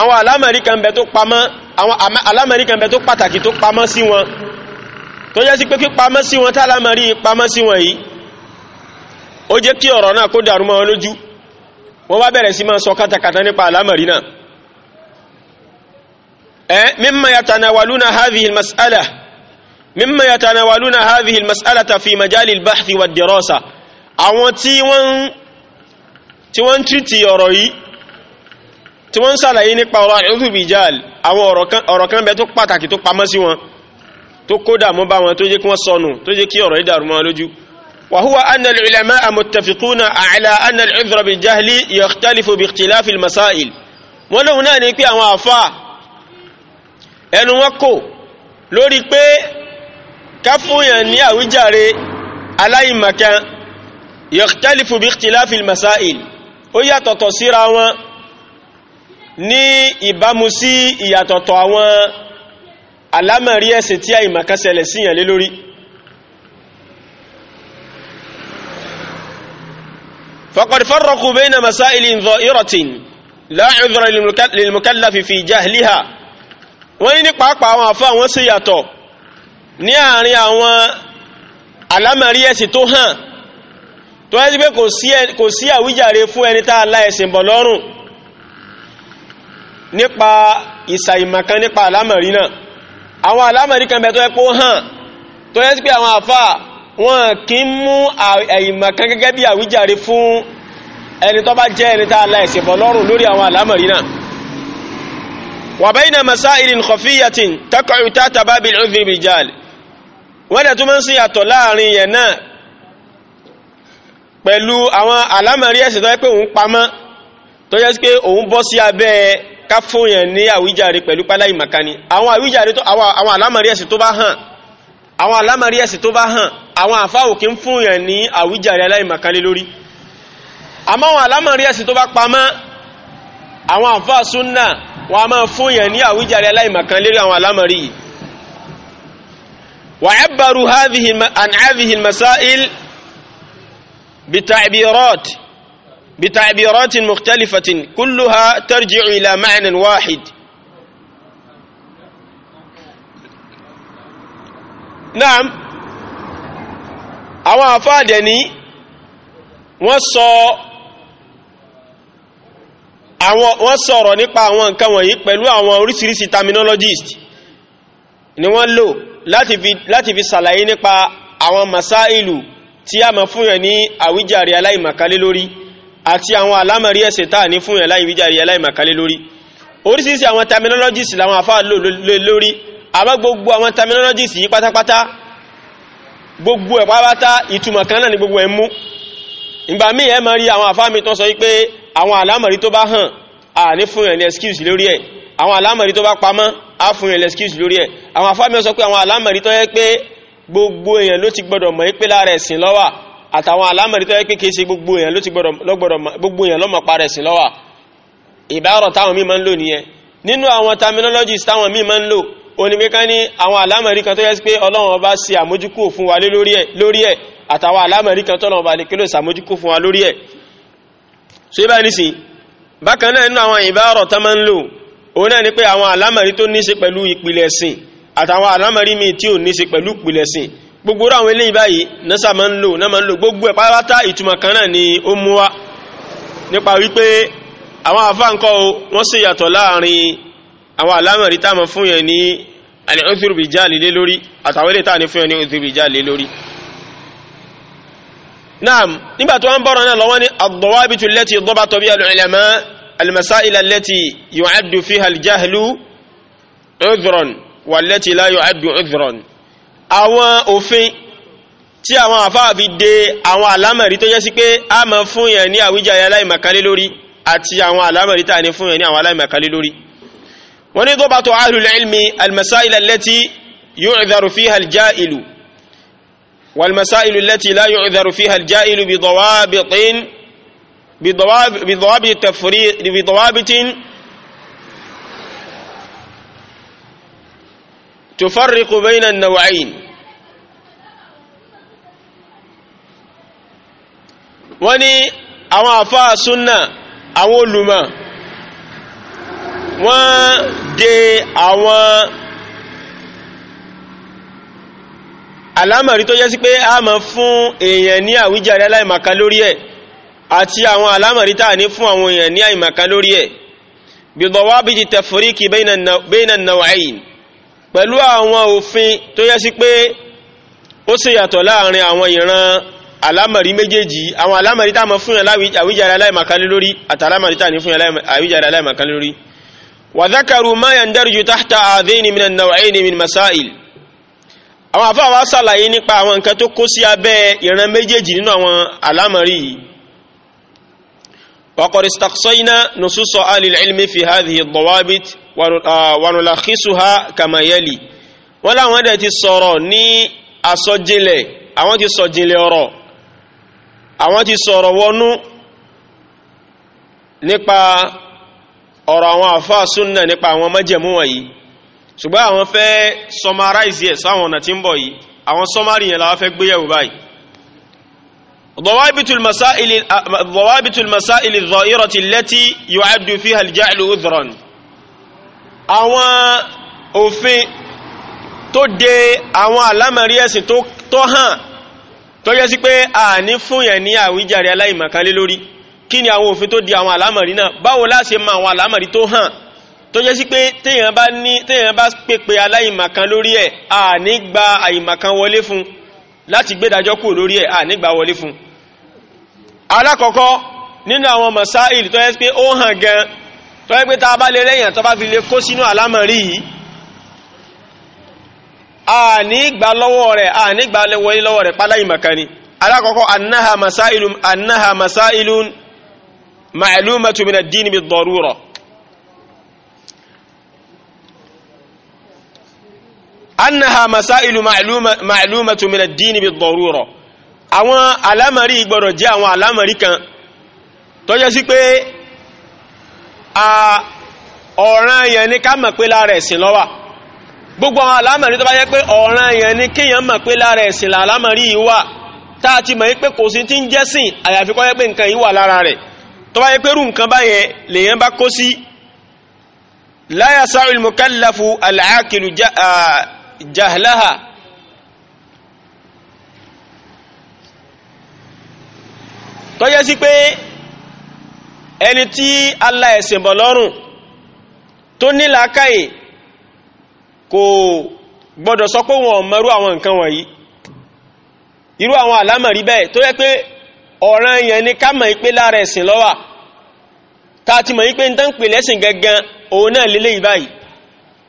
àwọn alámọ̀rí kan bẹ tó pamọ́ sí wọn tó jẹ́ sí pé pípamọ́ sí wọn tálámọ̀rí pamọ́ sí wọn yìí ó jẹ́ kí ọ̀rọ̀ náà kó dàrú mọ́ wọn lójú wọ́n wá bẹ̀rẹ̀ sí máa sọ kátàkátà nípa àlámọ̀rí náà ẹ́ mimma yatanawaluna hadhihi al-mas'ala mimma yatanawaluna hadhihi tí wọ́n ń sàlàyé nípa ọ̀rọ̀ àìrúbìjáàlì àwọn ọ̀rọ̀ kan bẹ tó pàtàkì tó pamọ́ sí wọn tó kódà mọ́ bá wọn tó jẹ́ kí wọ́n sọnù tó jẹ́ kí ọ̀rọ̀ ìdàrú mọ́ lójú وهو أن العلماء متفقون على أن العذر بالجهل يختلف باختلاف المسائل wọ́n lóhun náà ni pé àwọn àfá ẹnu wọn kò lórí pé káfúnyàn ní àwíjàre aláìmọ̀kan يختلف باختلاف المسائل ó yàtọ̀tọ̀ síra wọn ní ìbámu sí ìyàtọ̀tọ̀ àwọn alámẹ̀rí ẹ̀sìn tí àìmọ̀kan ṣẹlẹ̀ síyàn lé lórí faqad farraqu bayna masailin dha'iratin la 'udhra lilmukallafi fi jahliha wọ́n ní ní pàápàá àwọn àfá àwọn sí yàtọ̀ ní àárín àwọn alámẹ̀rí ẹ̀sìn tó hàn tó ẹ́ sí nípa ìsàìmọ̀kan náà àwọn alámọ̀rí kan bẹ̀ tó ẹpọ́ hàn tó yẹ́ sí pé àwọn àfà wọn kì í mú àìmọ̀ kan gẹ́gẹ́ bí àwíjàre fún ẹni tó bá jẹ́ ẹni tá a la ẹ̀sìn lọ́rùn lórí àwọn alámọ̀rí náà wa bayna masailin khafiyyatin taqa'u tahta babil udhri bil-jahl wọ́n dẹ̀ tó sí yàtọ̀ láàrin yẹn náà pẹ̀lú àwọn alámọ̀rí ẹ̀sìn tó yẹ pé òun pamọ́ tó yẹ sí pé òun bọ́ sí abẹ́ ká fún yẹn ní àwíjàre pẹ̀lú pálá ìmàkání àwọn àwíjàre tó àwọn àlámọ̀rí ẹ̀sìn tó bá hàn àwọn àlámọ̀rí ẹ̀sìn tó bá hàn àwọn àfáwò kí ń fún yẹn ní àwíjàre aláìmàkání lórí àmọ́ àwọn àlámọ̀rí ẹ̀sìn tó bá pamọ́ àwọn àfáà súnà wọn a máa fún yẹn ní àwíjàre aláìmàkání lórí àwọn àlámọ̀rí yìí wa'abbaru hadhihi an hadhihi al-masail bi بتعبيرات مختلفة كلها ترجع إلى معنى واحد نعم، àwọn àfáàdẹ̀ ni wọ́n sọ àwọn wọ́n sọ̀rọ̀ nípa àwọn nǹkan wọ̀nyí pẹ̀lú àwọn orísìírísìí terminologist ni wọ́n lò láti fi láti fi sàlàyé nípa àwọn masá ìlú tí a ma fún yẹn ní àwíjàre aláìmàkálé lórí àti àwọn alámọ̀rí ẹ̀sìn táà ní fún ẹ̀láì wíjàre ẹ̀láì màkálé lórí oríṣiríṣi àwọn terminologies làwọn àfáà lò lórí àmọ́ gbogbo àwọn terminologies yìí pátápátá gbogbo ẹ̀ pátápátá ìtumọ̀ kan náà ni gbogbo ẹ̀ mú ìgbà míì ẹ̀ máa àwọn àfáà mi tán sọ wípé àwọn alámọ̀rí tó bá hàn à ní fún ẹ̀ ní excuse lórí ẹ̀ àwọn alámọ̀rí tó bá pamọ́ á fún ẹ̀ ní excuse lórí ẹ̀ àwọn àfáà mi sọ pé àwọn alámọ̀rí tó yẹ pé gbogbo èèyàn ló ti gbọdọ̀ mọ̀ pé lára ẹ̀sìn ló àtàwọn alámọ̀rí tó yẹ pé kìí ṣe gbogbo èèyàn ló ti gbọ́dọ̀ gbogbo èèyàn lọ́mọ̀ parẹ̀ sí lọ́wà ìbárọ̀ táwọn míì máa ń lò nìyẹn nínú àwọn terminologies táwọn míì máa ń lò onígbéká ní àwọn alámọ̀rí kan tó yẹ pé ọlọ́run ọba ṣe àmójúkò fún wa lórí ẹ̀ àtàwọn alámọ̀rí kan tọ́lọ́run ọba nìkélò ṣàmójúkò fún wa lórí ẹ̀ so ibà nísìn bákan náà nínú àwọn ìbárọ̀ ni pé àwọn gbogbo àwọn eléyìí báyìí nasa ma ń lò náà ma ń lò gbogbo ẹ̀ pátá ìtumọ̀ kan náà ni ó mú wá nípa wípé àwọn àfáǹkọ́ wọ́n sì yàtọ̀ láàrin àwọn àlámọ̀rí tá ma fún yẹn ní al-udhru bi jahli lé lórí àtàwọn eléyìí tá ní fún yẹn ní al-udhru bi jahli lé lórí. naam nígbà tó ń bọ̀rọ̀ náà lọ́wọ́ ní ad-dawabitu allati dabata biha àwọn òfin tí àwọn àfáà fi de àwọn àlámẹ̀rí tó jẹ́ sí pé a mọ̀ fún yẹn ní àwíjàyà aláìmọ̀kálé lórí àti àwọn àlámẹ̀rí tàà ní fún yẹn ní àwọn aláìmọ̀kálé lórí wọ́n ní dọ́bàtò ahlul ilmi almasail تفرق بين النوعين wọ́n ní àwọn àfáà súnnà àwọn olùmọ̀ wọ́n de àwọn alámọ̀rí tó jẹ́ sí pé a máa fún èèyàn ní àwíjàre aláìmàká lórí ẹ̀ àti àwọn alámọ̀rí tàà ní fún àwọn èèyàn ní àìmàká lórí ẹ̀ bí dọ̀wà bí ti tafriki bayna an-naw'ayn pẹ̀lú àwọn òfin tó yẹ sí pé ó sì yàtọ̀ láàrin àwọn ìran alámọ̀rí méjèèjì àwọn alámọ̀rí tá mọ̀ fún yàn àwíjàre aláìmọ̀kánlé lórí àtàlámọ̀rí tá ní fún yàn àwíjàre aláìmọ̀kánlé lórí wa dhakaru ma yandarju tahta hadhaini minan naw'aini min masail àwọn àfáà wá sàlàyé nípa àwọn nǹkan tó kó sí abẹ́ ìran méjèèjì nínú àwọn alámọ̀rí yìí wa qad istaqsayna Ah, wanulakhisuha kama yali wọ́n láwọn dẹ̀ ti sọ̀rọ̀ ní àsọjìnlẹ̀ àwọn ti sọ̀jìnlẹ̀ ọ̀rọ̀ àwọn ti sọ̀rọ̀ wọnú nípa ọ̀rọ̀ àwọn àfáà súnnà nípa àwọn májẹ̀mú wọ̀nyí ṣùgbọ́n àwọn fẹ́ summarize ẹ̀ sáwọn ọ̀nà tí ń bọ̀ yìí àwọn summary yẹn láwọn fẹ́ gbéyẹ̀wò báyìí ضوابط المسائل ضوابط المسائل الظاهرة التي يعد فيها الجعل عذرا àwọn òfin tó de àwọn àlámọ̀rí ẹ̀sìn tó tọ́ hàn tó yẹ sí pé a ní fún yẹn ní àwíjàre aláìmọ̀kálé lórí kí ni àwọn òfin tó di àwọn àlámọ̀rí náà báwo la ṣe ma àwọn àlámọ̀rí tó hàn tó yẹ sí pé téèyàn bá pèpè aláìmọ̀kan lórí ẹ̀ a ní gba àìmọ̀kan wọlé fún láti gbédájọ́ kúrò lórí ẹ̀ a ní gba wọlé fún alákọ̀ọ́kọ́ nínú àwọn masáìlì tó yẹ sí pé ó hàn gan tó yẹ pé tá a bá lè lẹ́yìn tó bá fi lè kó sínú àlámọ̀rí yìí a ní gbà lọ́wọ́ rẹ̀ a ní gbà wọlé lọ́wọ́ rẹ̀ pálá ìmọ̀kani alákọ̀ọ́kọ́ annaha masailun annaha masailun ma'lumatu min ad-din bid-darura annaha masailu àwọn àlámọ̀rí gbọ́dọ̀ jẹ́ àwọn àlámọ̀rí kan tó sí pé ọ̀ràn yẹn ni ká mọ̀ pé lára ẹ̀sìn lọ́wà gbogbo àwọn àlámọ̀rí tó bá jẹ́ pé ọ̀ràn yẹn ni kéèyàn mọ̀ pé lára ẹ̀sìn ti mọ̀ pé kò sí ti ń jẹ́sìn àyàfi kó jẹ́ pé nǹkan yìí wà lára rẹ̀ tó bá pé rú nǹkan báyẹn lèèyàn ẹni tí Allah ẹ̀sìn bọ̀ lọ́rùn tó ní làákàyè kò gbọ́dọ̀ sọ pé wọn mọ̀rú àwọn nǹkan wọ̀nyí irú àwọn àlámọ̀rí bẹ́ẹ̀ tó yẹ pé ọ̀ràn èèyàn ni ká mọ̀ ìpé lára ẹ̀sìn lọ́wà ká ti mọ̀ ìpé ń tán pè lẹ́sìn gangan òun náà lélẹ̀ ìbáyìí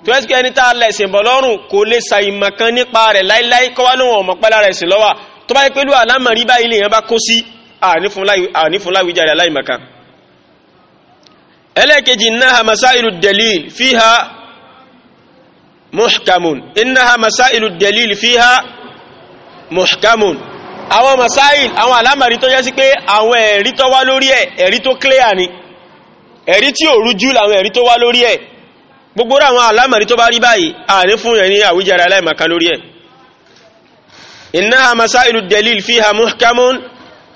tó yẹ pé ẹni tá Allah ẹ̀sìn bọ̀ lọ́rùn kò lè ṣàìmọ̀ kan nípa rẹ̀ láíláí kọ́ wá lóhun ọ̀mọ̀ pẹ́ lára ẹ̀sìn lọ́wà tó bá yẹ pé lú àlámọ̀rí báyìí lèèyàn bá kó sí ànífúnláwíjáre aláìmọ̀kan ẹlẹ́kejì innaha masailu dalil fiha muhkamun innaha masailu dalil fiha muhkamun àwọn masail àwọn alámàrí tó yẹ sí pé àwọn ẹ̀rí tó wá lórí ẹ̀ ẹ̀rí tó clear ni ẹ̀rí tí ò rújú làwọn ẹ̀rí tó wá lórí ẹ̀ gbogbo àwọn alámàrí tó bá rí báyìí àní fún ẹ̀ ní àwíjàre aláìmọ̀kan lórí ẹ̀ innaha masailu dalil fiha muhkamun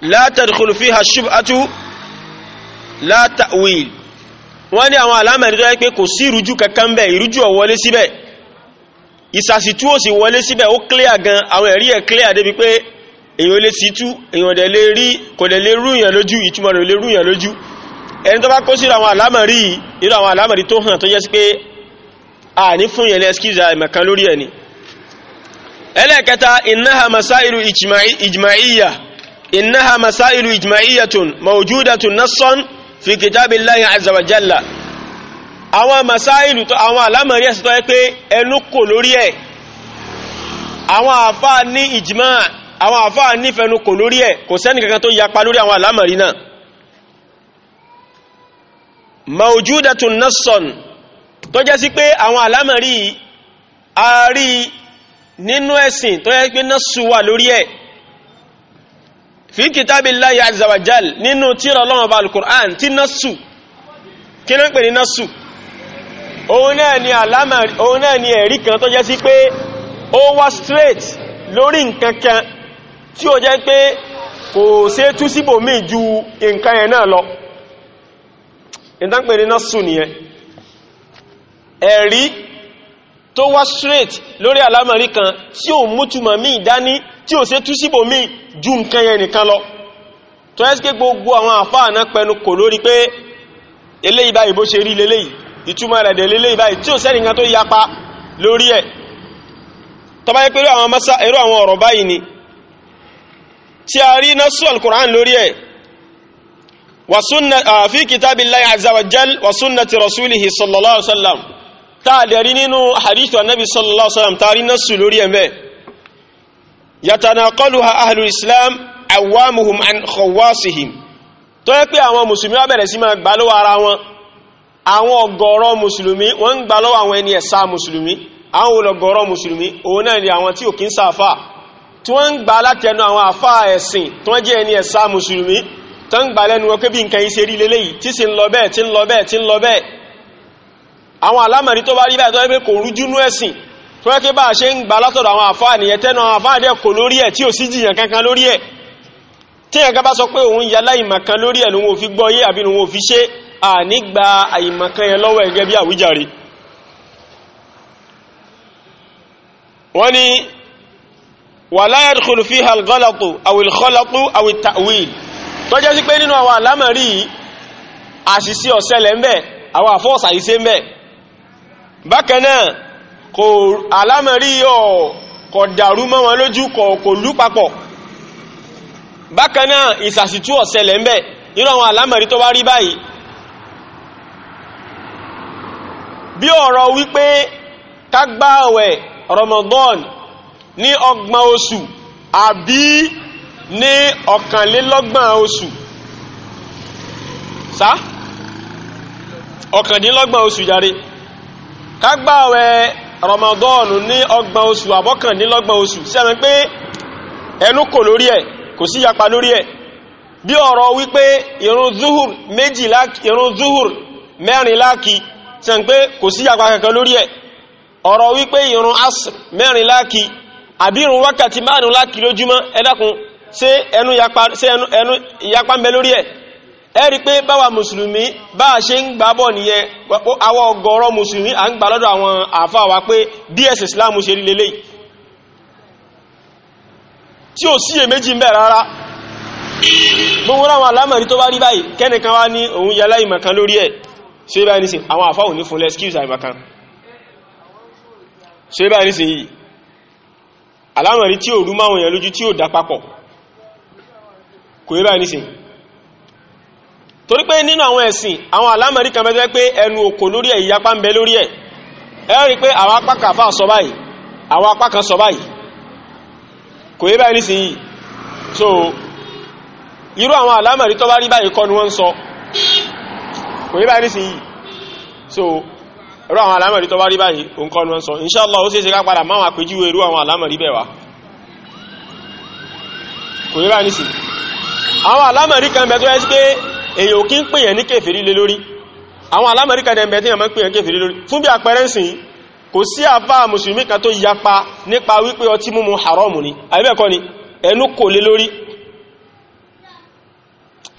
la tadkhulu fiha shub'atu la wọ́n ní àwọn alámẹ̀rí tó yẹ pé kò sí ìrújú kankan bẹ́ẹ̀ ìrújú ò wọlé síbẹ̀ ìsàsìtú ò sì wọlé síbẹ̀ ó clear gan àwọn ẹ̀rí ẹ̀ clear débi pé èyàn lè sìtú èyàn dẹ̀ lè rí kò dẹ̀ lè rúyàn lójú ìtumọ̀ rẹ̀ lè rúyàn lójú ẹni tó bá kó sínú àwọn alámẹ̀rí nínú àwọn alámẹ̀rí tó hàn tó yẹ sí pé a ní fún yẹn lẹ́skíza ìmọ̀kan lórí ẹ̀ ni ẹlẹ́ẹ̀kẹta innaha masailu ijma'iyya innaha masailu ijma'iyya tun mawjudatun nassan fi kitabillahi azza wa jalla àwọn masáìlù tó àwọn alámọ̀rí ẹ̀sìn tó yẹ pé ẹnu kò lórí ẹ̀ àwọn àfáà ní ìjìmá àwọn àfáà ní fẹnu kò lórí ẹ̀ kò sẹ́ni kankan tó yapa lórí àwọn alámọ̀rí náà maujudatun nasson tó jẹ́ sí pé àwọn alámọ̀rí a nínú ẹ̀sìn tó yẹ pé nassu wà lórí ẹ̀ fi kitabillahi azza wa jal nínú tírà Ọlọ́run bá al-Qur'an tí nasu kí náà pè ní nasu òun náà ni àlámà òun náà ni ẹ̀rí kan tó jẹ́ sí pé ó wá straight lórí nǹkan kan tí ó jẹ́ pé kò ṣe tú síbò mí ju nǹkan ẹ̀ náà lọ ìtàn pè ní nasu nìyẹn ẹ̀rí tó wá straight lórí àlámà kan tí ó mútùmọ̀ mí dání tí ò ṣe tú síbò míì ju nǹkan yẹn nìkan lọ tó ẹ́ sí pé gbogbo àwọn àfáà náà pẹnu kò lórí pé eléyìí báyìí bó ṣe rí leléyìí ìtumọ̀ rẹ̀ dẹ̀ leléyìí báyìí tí ò sẹ́ni nǹkan tó yapa lórí ẹ̀ tó bá yẹ pé irú àwọn ọ̀rọ̀ báyìí ni tí a rí nasu al-Qur'an lórí ẹ̀ ah, fi kitabillahi azza wa jal wa sunnati rasulihi sallallahu alaihi wasallam tá a dẹ̀ rí nínú hadithu annabi sallallahu alaihi wasallam tá a rí nasu lórí ẹ̀ mẹ́ẹ̀ yatanaqaluha ahlul islam awamuhum an khawasihim tó yẹ pé àwọn mùsùlùmí wá bẹ̀rẹ̀ sí máa gbà lọ́wọ́ ara wọn àwọn ọ̀gọ̀rọ̀ mùsùlùmí wọ́n ń gbà lọ́wọ́ àwọn ẹni ẹ̀sà mùsùlùmí àwọn olọ̀gọ̀rọ̀ mùsùlùmí òun náà ni àwọn tí ò kí ń sàfà tí wọ́n ń gbà látẹnu àwọn àfà ẹ̀sìn tí wọ́n jẹ́ ẹni ẹ̀sà mùsùlùmí tó ń gbà lẹ́nu wọn pé bí nǹkan yìí ṣe rí leléyìí tí sì ń lọ bẹ́ẹ̀ tí ń lọ bẹ́ẹ̀ tí ń lọ bẹ́ẹ̀ àwọn alámọ̀rí tó bá rí bẹ́ẹ̀ tó yẹ pé kò rújú nú ẹ̀sìn tó yẹ kí bá a ṣe ń gbà látọ̀dọ̀ àwọn àfáà nìyẹn tẹ́nu àwọn àfáà dẹ̀ kò lórí ẹ̀ tí ò sí jìyàn kankan lórí ẹ̀ tí ẹ̀ka bá sọ pé òun ya láìmọ̀kan lórí ẹ̀ lòun ò fi àbí lòun ò ṣe ànígbà àìmọ̀kan yẹn lọ́wọ́ ẹ̀gẹ́ bí àwíjàre wọ́n ni wala yadkhulu fiha al-ghalatu aw al tó jẹ́ sí pé nínú àwọn àlámọ̀rí àṣìṣe ọ̀sẹ̀lẹ̀ ń bẹ àwọn àfọ́ọ̀sàyíṣe ń bẹ bákan náà kò alámọ̀rí ọ̀ kò dàrú mọ́ wọn lójú kò lú papọ̀ bákanáà ìsàsìtú ọ̀sẹ̀lẹ̀ ń bẹ nínú àwọn alámọ̀rí tó bá rí báyìí bí ọ̀rọ̀ wípé kágbàwẹ̀ Ramadan ní ọgbọ̀n oṣù àbí ní ọ̀kànlélọ́gbọ̀n oṣù sá ọ̀kàndínlọ́gbọ̀n oṣù jàre kágbàwẹ̀ Ramadan ní ọgbọ̀n oṣù àbọ́kànlélọ́gbọ̀n oṣù sẹ́rin pé ẹnu kò lórí ẹ̀ kò sí yapa lórí ẹ̀ bí ọ̀rọ̀ wípé irun zuhur méjìlá irun zuhur mẹ́rin láàkì sẹ́rin pé kò sí yapa kankan lórí ẹ̀ ọ̀rọ̀ wípé irun asr mẹ́rin láàkì àbí irun wákàtí márùn-ún láàkì lójúmọ́ ẹ dákun ṣé ẹnu yapa ṣé ẹnu yapa ń bẹ lórí ẹ̀ ẹ̀rí pé báwa mùsùlùmí bá a ṣe ń gbábọ̀ nìyẹn àwọn ọ̀gọ̀rọ̀ mùsùlùmí à ń gbà lọ́dọ̀ àwọn àfà wa pé bí ẹ̀sìn islamu ṣe rí lélẹ̀ tí ò síyè méjì ń bẹ̀ rárá gbogbo àwọn alámọ̀rí tó bá rí báyìí kẹ́nìkan wá ní òun yẹ láìmọ̀kan lórí ẹ̀ ṣe báyìí nísìn àwọn àfà ò ní fún lẹ́skíùs àìmọ̀kan ṣe báyìí nísìn yìí torí pé nínú àwọn ẹ̀sìn àwọn alámọ̀rí kan mẹ́tẹ́ pé ẹnu òkò lórí ẹ̀ ìyapa ń bẹ lórí ẹ̀ ẹ rí pé àwọn apá kan sọ báyìí àwọn apá kan sọ báyìí kò yé báyìí nísìnyí so irú àwọn alámọ̀rí tó bá rí báyìí kọ́ ni wọ́n ń sọ kò yé báyìí nísìnyí so irú àwọn alámọ̀rí tó bá rí báyìí òun kọ́ ni wọ́n ń sọ inshallah ó ṣeéṣe ká padà máwọn àpèjúwe irú àwọn alámọ̀rí bẹ́ẹ̀ wá kò yé báyìí nísìnyí àwọn alámọ̀rí kan bẹ tó yẹ èyàn kí ń pè yẹn ní kèfèrí lé lórí àwọn alámẹ́ríkà dẹ̀mbẹ̀ tí yẹn máa ń pè yẹn kèfèrí lórí fún bí àpẹẹrẹ ń kò sí àfá mùsùlùmí kan tó yapa nípa wípé ọtí mímu haramu ni àìbẹ́ẹ̀kọ́ ni ẹnu kò lé lórí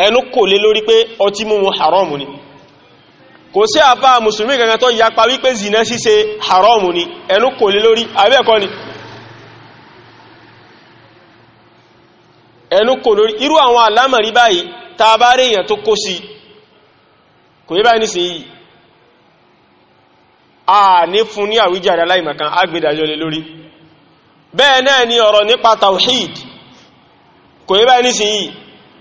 ẹnu kò lé lórí pé ọtí mímu haramu ni kò sí àfá mùsùlùmí kankan tó yapa wípé zina ṣíṣe haramu ni ẹnu kò lé lórí àìbẹ́ẹ̀kọ́ ni ẹnu kò lórí irú àwọn alámẹ́rí báyìí tá bá rí èyàn tó kó sí kò yẹ báyìí nísìnyí a ní fún ní àwíjàre aláìmọ̀kan agbèdàjọ́ lé lórí bẹ́ẹ̀ náà ni ọ̀rọ̀ nípa tawhid kò yẹ báyìí nísìnyí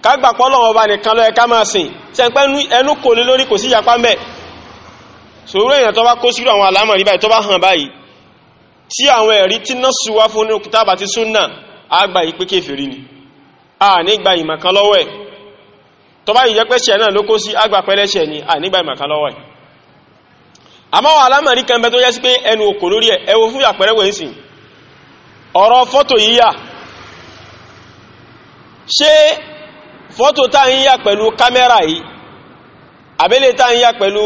kágbàpọ̀ lọ́wọ́ bá nìkan ló yẹ ká máa sìn tí ẹn pẹ́ ẹnu kò lé lórí kò sí ìyapa ń bẹ̀ sòwúrò èèyàn tó bá kó sírò àwọn àlámọ̀ báyìí tó bá hàn báyìí tí àwọn ẹ̀rí tí náà sùwá fún ní kìtàbà ti súnnà àgbà ìpé ni a nígbà ìmọ̀kan lọ́wọ́ ẹ̀ tó bá ìjẹ́ pẹ́ṣẹ̀ náà ló kó sí àgbà pẹ́lẹ́ṣẹ̀ ni à nígbà ìmàkà lọ́wọ́ ẹ̀ àmọ́wọ̀ alámọ̀rí tó yẹ sí pé ẹnu òkò lórí ẹ̀ ẹwọ fún àpẹrẹwẹ̀ ń sìn ọ̀rọ̀ fọ́tò yíyà ṣé fọ́tò tá ń yà pẹ̀lú kámẹ́rà yìí àbẹ́lẹ̀ tá ń yà pẹ̀lú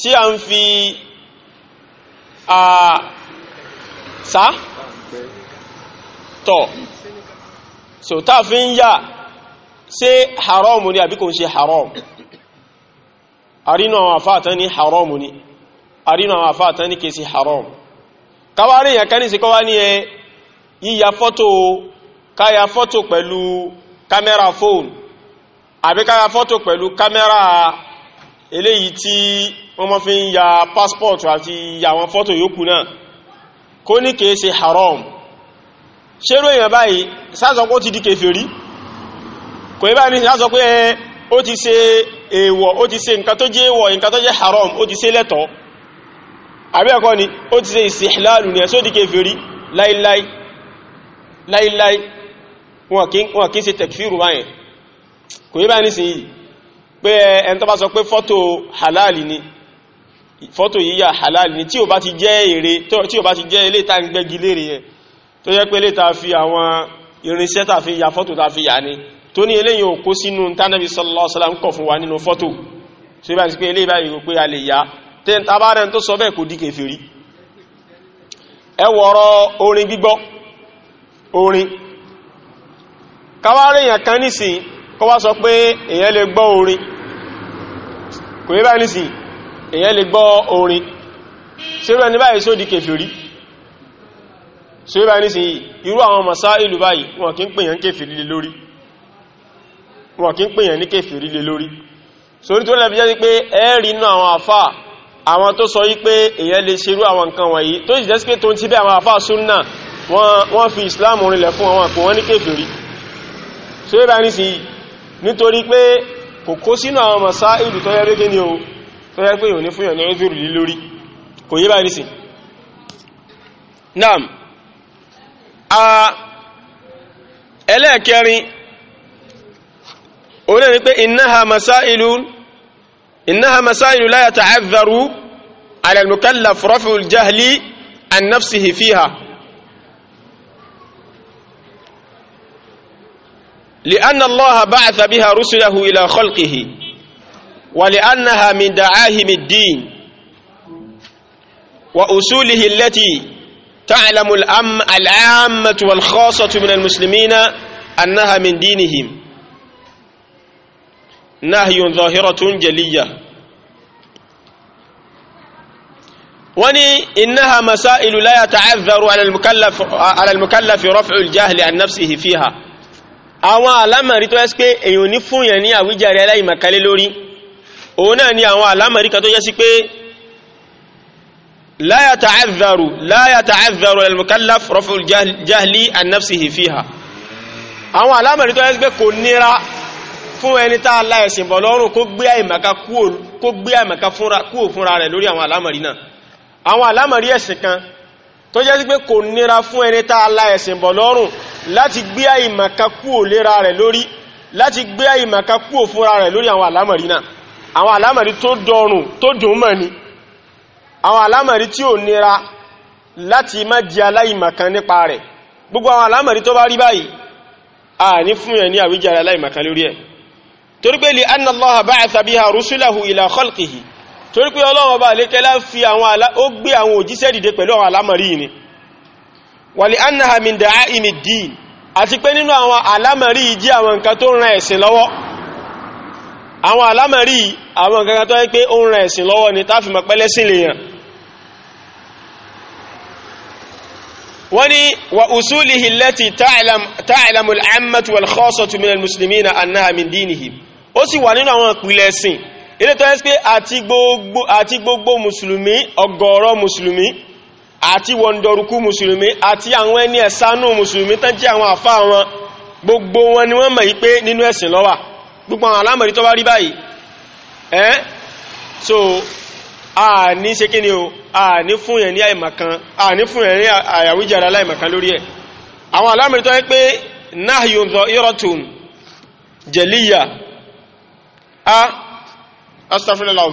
tí a ń fi sá tọ̀ so fi ń yà ṣé haramu ni àbí kò ń ṣe haramu àrínú àwọn àfáàtán ní haramu ni àrínú àwọn àfáàtán ní kìí sí haramu káwárí èyàn kan ní sí kọ́wá ní ẹ yíya fọ́tò káya fọ́tò pẹ̀lú kámẹ́rà fóònù àbí káya fọ́tò pẹ̀lú kámẹ́rà eléyìí tí wọ́n mọ́ fi ń ya passport àti àwọn fọ́tò yòókù náà kó ní kìí sí haramu ṣerú èyàn báyìí sásọpọ̀ ti di kèfèrí kò yí báyìí ní sọ pé ó ti ṣe èèwọ̀ ó ti ṣe nǹkan tó jẹ́ èèwọ̀ nǹkan tó jẹ́ haram ó ti ṣe lẹ́tọ̀ àbí ẹ̀kọ́ ni ó ti ṣe ìsìláàlù ní ẹ̀sọ́ dìkẹ̀ fèrí láíláí halali ni fọ́tò yíyà halali ni tí ò bá ti jẹ́ èrè tí ò bá ti jẹ́ ilé ta irinṣẹ́ ta fi ya fọ́tò ta fi yà ni tó ní eléyìn òkó sínú tánàbí sallallahu alaihi wasallam kọ̀ fún wa nínú fọ́tò so ibá ìsìnkú eléyìn báyìí rò pé a lè yá tẹ́ tabárẹ̀ tó sọ bẹ́ẹ̀ kò dí kèfèrí ẹ wọ̀rọ̀ orin gbígbọ́ orin káwárẹ̀ èèyàn kan nísìn kọ́ wá sọ pé èèyàn lè gbọ́ orin kò yẹ báyìí nísìn èèyàn lè gbọ́ orin ṣerú ẹni báyìí só di kèfèrí ṣerú ẹni nísìn irú àwọn masá ìlú báyìí wọn kí ń pèèyàn kèfèrí lórí wọn kí ń pèyàn ní kèfèrí lé lórí sórí tó lẹ́bí jẹ́ wípé ẹ́ẹ̀rí inú àwọn àfà àwọn tó sọ wípé èyàn lè ṣerú àwọn nǹkan wọ̀nyí tó sì jẹ́sí pé tó ń ti bẹ́ àwọn àfà súnnà wọ́n fi islam rinlẹ̀ fún àwọn àpò wọn ní kèfèrí so yẹ́ bá ní sí nítorí pé kò kó sínú àwọn masá ìlú tó yẹ pé kíni o tó yẹ pé yóò ní fúnyàn ní ẹ́zùrù lé lórí kò yẹ́ bá ní sí naam ẹlẹ́ẹ̀kẹrin òun náà ni pé innaha masailun innaha masailu la yata'adharu ala al-mukallaf raf'u al-jahli an nafsihi fiha لأن الله بعث بها رسله إلى خلقه ولأنها من دعاهم الدين وأصوله التي تعلم الأم العامة والخاصة من المسلمين أنها من دينهم náhiyun zahiratun jaliyya wọ́n ní innaha masailu la yata'adharu ala al-mukallaf raf'ul jahli an nafsihi fiha àwọn alámàrí tó yẹ́ sí pé èyàn ní fún yẹn ní àwíjàre aláìmọ̀kálé lórí òun náà ni àwọn alámàrí kan tó yẹ́ sí la yata'adharu la yata'adharu al-mukallaf raf'ul jahli an nafsihi fiha àwọn alámàrí tó yẹ́ sí pé nira fún ẹni tá la ẹ̀sìn bọ̀ lọ́rùn kó gbé àìmọ̀ká kúò fúnra rẹ̀ lórí àwọn àlámọ̀rí náà àwọn àlámọ̀rí ẹ̀sìn kan tó jẹ́ sí pé kò nira fún ẹni tá la ẹ̀sìn bọ̀ lọ́rùn láti gbé àìmọ̀ká kúò lera rẹ̀ lórí láti gbé àìmọ̀ká kúò fúnra rẹ̀ lórí àwọn àlámọ̀rí náà àwọn àlámọ̀rí tó dọrùn tó dùn mọ̀ ni àwọn àlámọ̀rí tí ò nira láti má jẹ aláìmọ̀kan nípa rẹ̀ gbogbo àwọn àlámọ̀rí tó bá rí báyìí a ní fún ẹ̀ ní àwíjẹ́ aláìmọ̀kan lórí ẹ̀ torí pé li anna Allaha ba'atha biha rusulahu ila khalqihi torí pé Ọlọ́run bá lékẹ́ lá fi àwọn àlá ó gbé àwọn òjíṣẹ́ dìde pẹ̀lú àwọn alámọ̀rí ni wa li annaha min da'a'imi ddin àti pé nínú àwọn alámọ̀rí jẹ́ àwọn nǹkan tó ń ran ẹ̀sìn lọ́wọ́ àwọn alámọ̀rí àwọn nǹkan tó ń ó sì wà nínú àwọn ìpìlẹ̀ ẹ̀sìn ilé tó ẹ́sì pé àti gbogbo mùsùlùmí ọ̀gọ̀ọ̀rọ̀ mùsùlùmí àti wọ̀ndọ̀rùkú mùsùlùmí àti àwọn ẹni ẹ̀sánú mùsùlùmí tán jẹ́ àwọn àfá wọn gbogbo wọn ni wọ́n mọ̀ yí pé nínú ẹ̀sìn ló gbogbo àwọn alámọ̀rí tó bá rí báyìí ẹ́ so a ní ṣe kí ni o a ní fún yẹn ní àìmọ̀kan a ní fún yẹn ní àyàwíjàra aláìmọ̀kan lórí ẹ̀ àwọn alámọ̀rí tó yẹ pé náà yóò zọ ìrọ̀tùn jẹ̀líyà ah astaghfirullah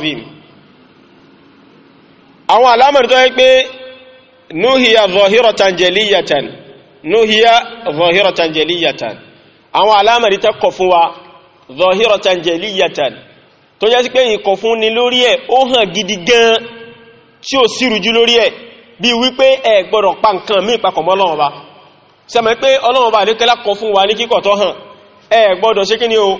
àwọn alámọ̀rí tó yẹ pé nuhiya zahiratan jaliyatan nuhiya zahiratan jaliyatan àwọn alámọ̀rí tó kọ̀ fún wa zahiratan tó jẹ́ sí pé ìkọ̀ fún ni lórí ẹ̀ ó hàn gidi gan tí ó sírùjú lórí ẹ̀ bí wípé ẹ gbọ́dọ̀ pa nǹkan mí Ọlọ́run ba sẹ́mọ̀ pé Ọlọ́run ba àdékẹ́lá fún wa ní o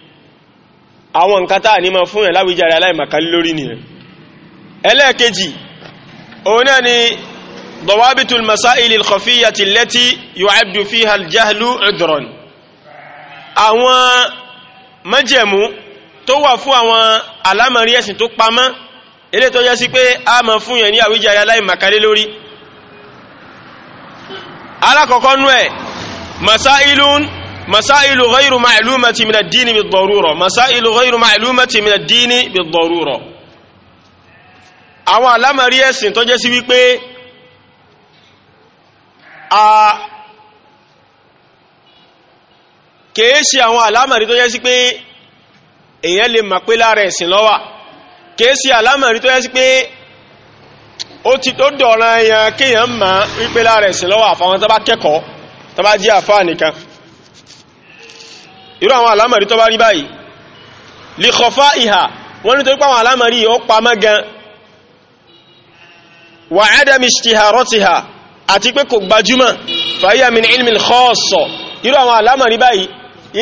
àwọn nǹkan táà ní ma fún ẹ̀ láwíjàre aláìmàkálí lórí nìyẹn ẹlẹ́ẹ̀kejì òun náà ni dawabitul masaili al-khafiyyati allati yu'addu fiha al-jahlu 'udran àwọn májẹ̀mú tó wà fún àwọn alámọ̀rí ẹ̀sìn tó pamọ́ ilé tó yẹ sí pé a ma fún yẹn ní àwíjàre aláìmàkálí lórí alákọ̀ọ́kọ́ nú ẹ̀ masailun مسائل غير معلومة من الدين بالضرورة مسائل غير معلومة من الدين بالضرورة àwọn alámàrí ẹ̀sìn tó jẹ́ sí wípé a kèé ṣe àwọn alámàrí tó jẹ́ sí pé èyàn lè mà pé lára ẹ̀sìn lọ́wà kèé ṣe alámàrí tó jẹ́ sí pé ó ti tó dọ̀ràn èyàn kéèyàn mà wípé lára ẹ̀sìn lọ́wà àfàwọn tó bá kẹ́kọ̀ọ́ tó bá jẹ́ àfáà nìkan irú àwọn alámọ̀rí tó bá rí báyìí lè kọfá ìhà wọ́n ní tó pàwọn alámọ̀rí ó pa mẹ́gan wà ádàmì ṣtìhàrọ́tìhà àti pé kò gbajúmọ̀ fàyàmìn ilmi khọ́ọ̀sọ̀ irú àwọn alámọ̀rí báyìí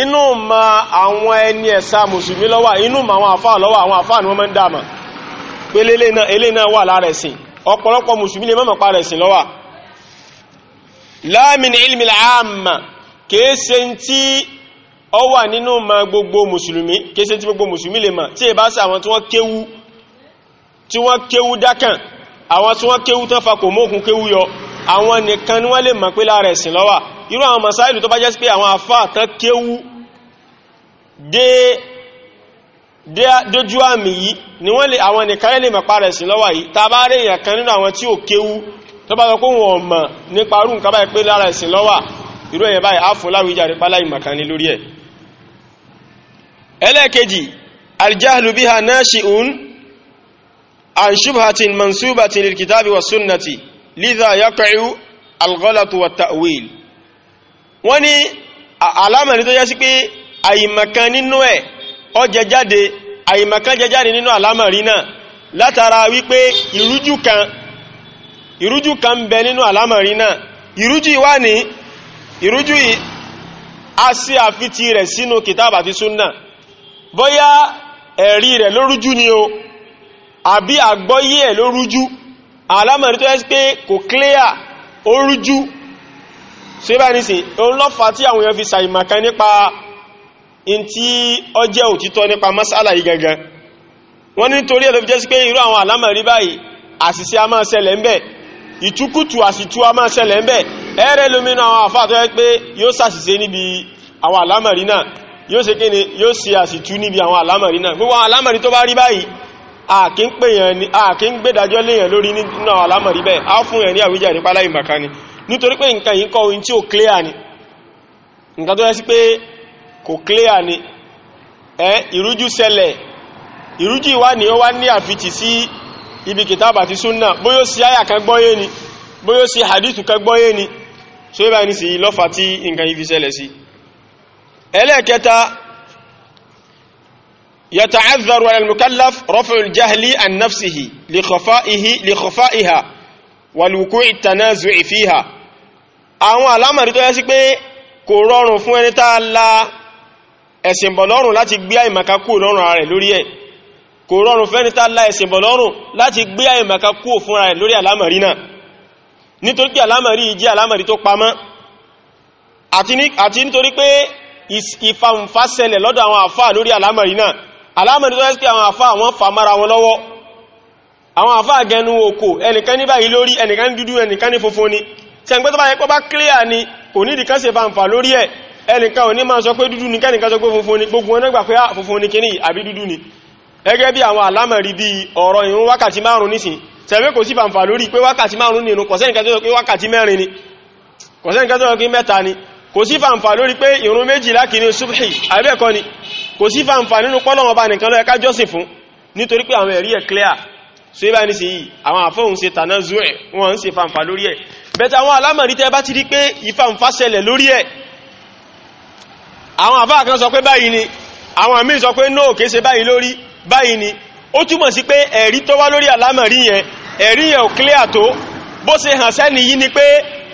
inú ma àwọn ẹni ẹ̀sà mùsùlùmí lọ́wà inú ma àwọn àfáà lọ́wà àwọn àfáà ni wọ́n máa ń dáàmà pé lélé náà wà lára ẹ̀sìn ọ̀pọ̀lọpọ̀ mùsùlùmí lè mọ́mọ̀ parẹ̀ ẹ̀sìn lọ́wà láàmìn ilmi làámà kèése tí ọ wà nínú ma gbogbo mùsùlùmí kése tí gbogbo mùsùlùmí lè ma tí è bá sí àwọn tí wọ́n kéwú tí wọ́n kéwú dákàn àwọn tí wọ́n kéwú tán fakò mọ́kún kéwú yọ àwọn nìkan ni wọ́n lè ma pé lára ẹ̀sìn ló wà irú àwọn masáìlù tó bá jẹ́ sí pé àwọn àfáà tán kéwú dójú àmì yìí ni wọ́n lè àwọn nìkan lè ma para ẹ̀sìn ló wà yìí ta bá rí èèyàn kan nínú àwọn tí ò kéwú tó bá sọ pé wọn ò mọ̀ nípa irú nǹkan báyìí pé lára ẹ̀sìn ló irú èèyàn báyìí á fún láwùjáde páláì màkàní lórí ẹ̀ ẹlẹ́ẹ̀kejì aljahlu biha nashi'un an shubhatin mansubatin lil kitabi was sunnati lidha yaqa'u alghalatu wat ta'wil wọ́n ní alámẹ̀rin tó jẹ́ sí pé àìmọ̀kan nínú ẹ̀ ó jẹ jáde àìmọ̀kan jẹ jáde nínú alámẹ̀rin náà látara wípé ìrújú kan ìrújú kan ń bẹ nínú alámẹ̀rin náà ìrújú ìwá ní ìrújú yìí a sí àfitì rẹ̀ sínú kìtàbà àti súnnà bóyá ẹ̀rí rẹ̀ lórújú ni o àbí àgbọ́yé ẹ̀ lórújú alámọ̀rí tó ẹ́sí pé kò clear orújú ṣe bá ní sí òun lọ́fà tí àwọn èèyàn fi ṣàìmàkà nípa in tí ó jẹ́ òtítọ́ nípa masala yìí gangan wọ́n ní torí ẹ̀ ló fi jẹ́ sí pé irú àwọn alámọ̀rí báyìí àṣìṣe a máa ṣẹlẹ̀ ń bẹ̀ ìtukùtù àṣìtú a máa ṣẹlẹ̀ ń bẹ̀ ẹ̀rẹ́ lómìnà àwọn àfáà tó yẹ pé yóò ṣàṣìṣe níbi àwọn alámọ̀rí náà yóò ni kíni yóò ṣe àsìtú níbi àwọn alámàrí náà gbogbo àwọn alámàrí tó bá rí báyìí àkí ń gbèdájọ́ léyàn lórí nínú àwọn alámàrí bẹ́ẹ̀ á fún ẹ̀ ní ìmàká ni nítorí pé nǹkan yìí kọ́ ohun o ni sí clear ni iruju wa ni ibi ti so lọ́fà ẹlẹ́ẹ̀kẹta yata'adharu ala al-mukallaf raf'ul jahli an nafsihi li khafa'ihi li khafa'iha wal wuqu'i at-tanazu'i fiha àwọn alámọ̀rí tó yẹ sí pé kò rọrùn fún ẹni tá a la ẹ̀sìn bọ̀ lọ́rùn láti gbé àìmọ̀ká kú lọ́rùn ara rẹ̀ lórí ẹ̀ kò rọrùn fẹ́ni tá a la ẹ̀sìn bọ̀ láti gbé àìmọ̀ká fún ara rẹ̀ lórí alámọ̀rí náà nítorí pé alámọ̀rí jẹ́ alámọ̀rí tó pamọ́ àti nítorí pé ìfàǹfà ṣẹlẹ̀ lọ́dọ̀ àwọn àfà lórí àlámọ̀rí náà àlámọ̀rí tó ẹ́sì pé àwọn àfà wọ́n fà mára wọn lọ́wọ́ àwọn àfà gẹnu okò ẹnìkan ní báyìí lórí ẹnìkan dúdú ẹnìkan ní funfun ni tẹ́gbẹ́ tó bá yẹ pọ́ bá clear ni kò ní ìdíkan ṣe fàǹfà lórí ẹ̀ ẹnìkan ò ní máa sọ pé dúdú ni kẹ́nìkan sọ pé funfun ni gbogbo wọn gbà pé ah, funfun ni kíní àbí dúdú ni gẹ́gẹ́ bí àwọn àlámọ̀rí bí ọ̀rọ̀ ìrun wákàtí márùn nísìn tẹ̀wé kò sí fàǹfà lórí pé wákàtí márùn nínú kọ̀sẹ́nìkan tó sọ pé wákàtí mẹ́rin ni kọ̀sẹ́nìkan tó sọ pé mẹ́ta ni kò sí fàǹfà lórí pé ìrun méjìlá kìíní subhi àbẹ́ẹ̀kọ́ ni kò sí fàǹfà nínú pọ́lọ̀wọ̀n bá nìkan ló yẹ ká jọ́sìn fún nítorí pé àwọn ẹ̀rí ẹ̀ clear so ibá ní sí yìí àwọn àfọ́hùn ṣe tàná zuẹ̀ wọ́n ń ṣe fàǹfà lórí ẹ̀ bẹ́ẹ̀ àwọn alámọ̀rí tẹ́ bá ti rí pé ìfàǹfà ṣẹlẹ̀ lórí ẹ̀ àwọn àfáà kan sọ pé báyìí ni àwọn àmì sọ pé no kìí ṣe báyìí lórí báyìí ni ó túmọ̀ sí pé ẹ̀rí tó wá lórí alámọ̀rí yẹn ẹ̀rí yẹn ò clear tó bó ṣe hàn sẹ́ni yìí ni pé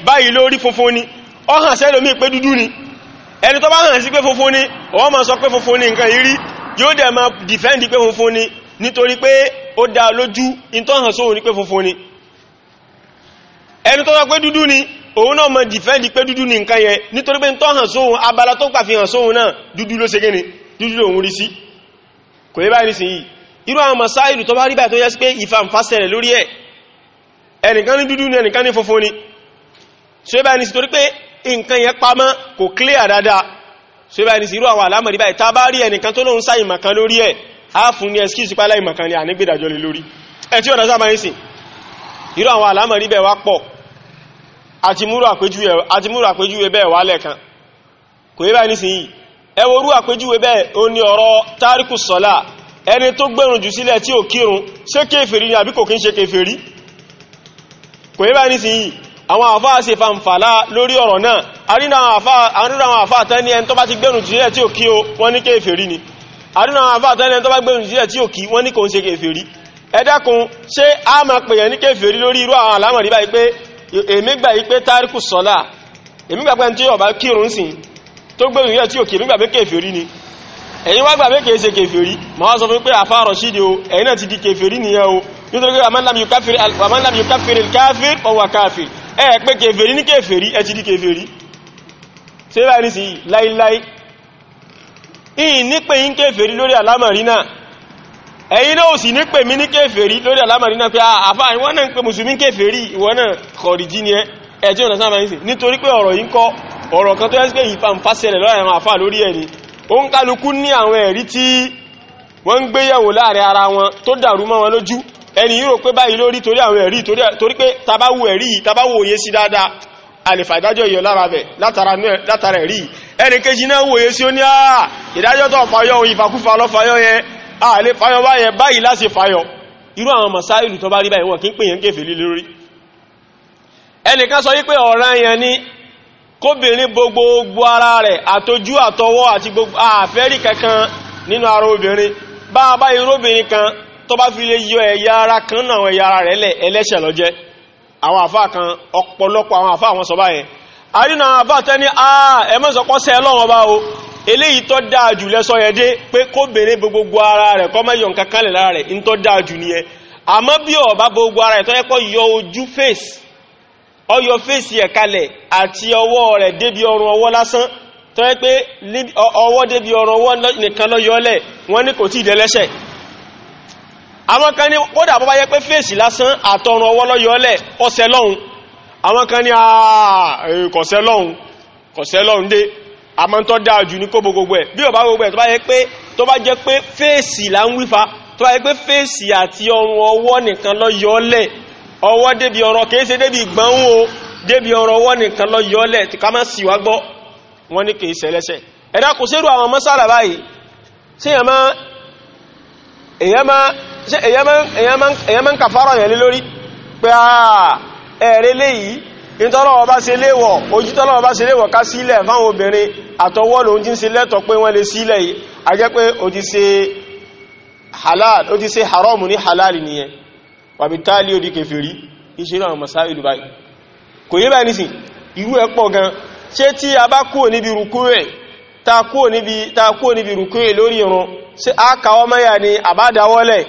báyìí lórí funfun ni ọ hàn sẹ́lòmí pé dúdú ni ẹni tó bá hàn sí pé funfun ni wọ́n máa sọ pé funfun ni nǹkan ìrí yóò dẹ̀ máa dìfẹ́ndì pé funfun ni nítorí pé ó dá lójú ìtọ́hàn sóhun ní pé funfun ni ẹni tó sọ pé dúdú ni òun náà máa dìfẹ́ndì pé dúdú ni nǹkan yẹn nítorí pé ìtọ́hàn sóhun abala tó pàfihàn sóhun náà dúdú ló ṣe gẹ́ni dúdú lòun rí sí kò yẹ báyìí bá rí sí torí pé nǹkan yẹn pamọ́ kò clear dáadáa so ibà ní sí irú àwọn àlámọ̀rí báyìí tá bá rí ẹnìkan tó lóun sáì mọ̀kan lórí ẹ̀ á fún ní excuse pálá ìmọ̀kan ní ànígbèdàjọ́ lè lórí ẹ̀ tí ọ̀nà sábà ń sìn irú àwọn àlámọ̀rí bẹ̀ wá pọ̀ àti múrò àpéjúwe bẹ́ẹ̀ wá lẹ́ẹ̀kan kò yẹ báyìí ní ọ̀rọ̀ táríkù àwọn àfá ṣe fàǹfàlá lórí ọ̀rọ̀ náà àrínà àwọn àfá àtẹ́ni ẹni tó bá ti gbẹ̀rùn jílẹ̀ tí ò kí o wọ́n ní kéfèrí ni àrínà àwọn àfá àtẹ́ni ẹni tó bá gbẹ̀rùn jílẹ̀ tí ò kí wọ́n ní kò ń ṣe kéfèrí ẹ dákun ṣé a máa pè yẹn ní kéfèrí lórí irú àwọn àlámọ̀rí báyìí pé èmi gbà yí pé táríkù sọ́lá èmi gbà pé tí ó bá kírun sìn ni ẹ̀yin wá gbà pé kìí ṣe kéfèrí ma wá sọ fún pé àfá rọ̀ṣídìí o ẹ̀yin náà ti di kéfèrí nìyẹn nítorí pé àmọ́ lámì yóò káfíìrì ọwà káfíìrì ẹ pé kèfèrí ní kèfèrí ẹ ti di kèfèrí ṣe bá ní sí láíláí ìyìn ní pé yín kèfèrí lórí àlámọ̀rí náà ẹ̀yin náà ò sì ní pè mí ní kèfèrí lórí àlámọ̀rí náà pé ah, àfáà ìwọ́n náà ń pè mùsùlùmí kèfèrí ìwọ́n náà kọ̀rìjí ni ẹ ẹjẹ́ ọ̀nà sáàmà ní sí nítorí pé ọ̀rọ̀ yín kọ́ ọ̀rọ̀ kan wọ́n ń gbéyàwó láàrin ara wọn tó dàrú mọ́ wọn lójú ẹni yìí rò pé báyìí lórí torí àwọn ẹ̀rí torí pé tabawo ẹ̀rí tabawo òye sí dáadáa àlèfà ìdájọ́ ìyọ lára bẹ̀ látara ẹ̀rí ẹni kejì náà wòye sí ó ní àà ìdájọ́ tó fayọ ìfàkúfà lọ fayọ yẹn àlè fayọ báyẹ báyìí láti fayọ irú àwọn masáìlù tó bá rí báyìí wọ́n kí ń pè yẹn kéfèé lórí ẹnìkan sọ wípé ọ̀ràn yẹn ni kóbìnrin gbogbo ara rẹ̀ àtojú àtọwọ́ àti gbogbo àfẹ́rí kankan nínú ara obìnrin bá a bá irúbìnrin kan tó bá fi lè yọ ẹ̀yà ara kan náà àwọn ẹ̀yà ara rẹ̀ lẹ̀ ẹlẹ́ṣẹ̀ ló jẹ́ àwọn àfá kan ọ̀pọ̀lọpọ̀ àwọn àfá àwọn sọ̀bá yẹn àrínà àfá tẹ́ ní àà ẹmọ́sọ̀kọ́ sẹ́ lọ́wọ́ bá o eléyìí tó dáa jù lẹ́sọ yẹ dé pé kó bèèrè gbogbo ara rẹ̀ kọ́ mẹ́yọ̀ nǹkan lára rẹ̀ ń tó dáa jù nìyẹn àmọ́ bí ọ̀bá gbogbo ara rẹ̀ yẹ kó yọ ojú fèsì ọyọ fèsì ẹ̀ kalẹ̀ àti ọwọ́ rẹ̀ débi ọrùn ọwọ́ lásán tó yẹ pé ọwọ́ débi ọ̀rọ̀ ọwọ́ nìkan lọ yọ́lẹ̀ wọ́n ní kò tí ìdẹ́lẹ́ṣẹ̀ àwọn kan ní kódà bọ́bá yẹ pé fèsì lásán àtọrun ọwọ́ lọ yọ́lẹ̀ ọsẹ lọ́hun àwọn kan ní kọ̀sẹ́ lọ́hun kọ̀sẹ́ lọ́hun dé àmọ́ tó dáa jù ní kóbo gbogbo ẹ̀ bí ọba gbogbo ẹ̀ tó bá yẹ pé tó bá jẹ́ pé fèsì là wọ́n ní kìí sẹ́lẹ́sẹ̀ ẹ̀dá kò sẹ́rù àwọn mọ́sálà báyìí sí èyàn máa ń kàfàrọ̀ yẹn lé lórí pé ẹ̀rẹ́ léyìí ìtọ́lọ́wọ́ bá ṣe léwọ̀ ojútọ́lọ́wọ́ bá ṣe léwọ̀ ká sílẹ̀ fáwọn obìnrin àtọwọ́ lòun ti ń ṣe lẹ́tọ̀ pé wọ́n lè sílẹ̀ yìí a jẹ́ pé halal o ti ṣe haram ní halal nìyẹn wàbí táàlì ó di kèfèrí ìṣẹ́lẹ̀ àwọn masáìlú báyìí ṣé tí a bá kúrò níbi rùkú rẹ̀ ta kúrò níbi rùkú lórí irun ṣé a kàwọ́ mẹ́yà ni àbádáwọ́lẹ̀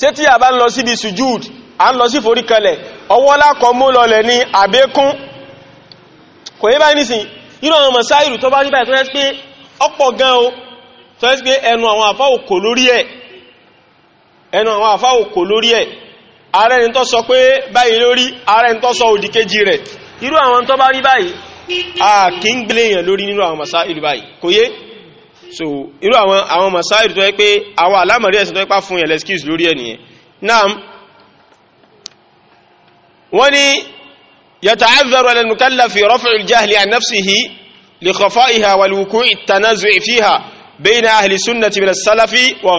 ṣé tí a bá ń lọ síbi sujúd a ń lọ sí foríkalẹ̀ ọwọ́ lákọ mú lọlẹ̀ ní àbékún kò yí báyìí nìsìn inú àwọn mọ̀sáìrù tó bá ní báyìí tó rẹ́ sí pé ọ̀pọ̀ irú àwọn tó bá rí báyìí a kì ń gbélé èèyàn lórí nínú àwọn masáìlú báyìí kò yé so irú àwọn àwọn masáìlú tó yẹ pé àwọn alámọ̀rí ẹ̀sìn tó yẹ pá fún yẹn lẹ́skíìs lórí ẹ̀ náà wọ́n ni yata'adharu ala al-mukallafi raf'u al-jahli an nafsihi li khafa'iha wal wuqu'i at-tanazu'i fiha bayna ahli sunnati min as-salafi wa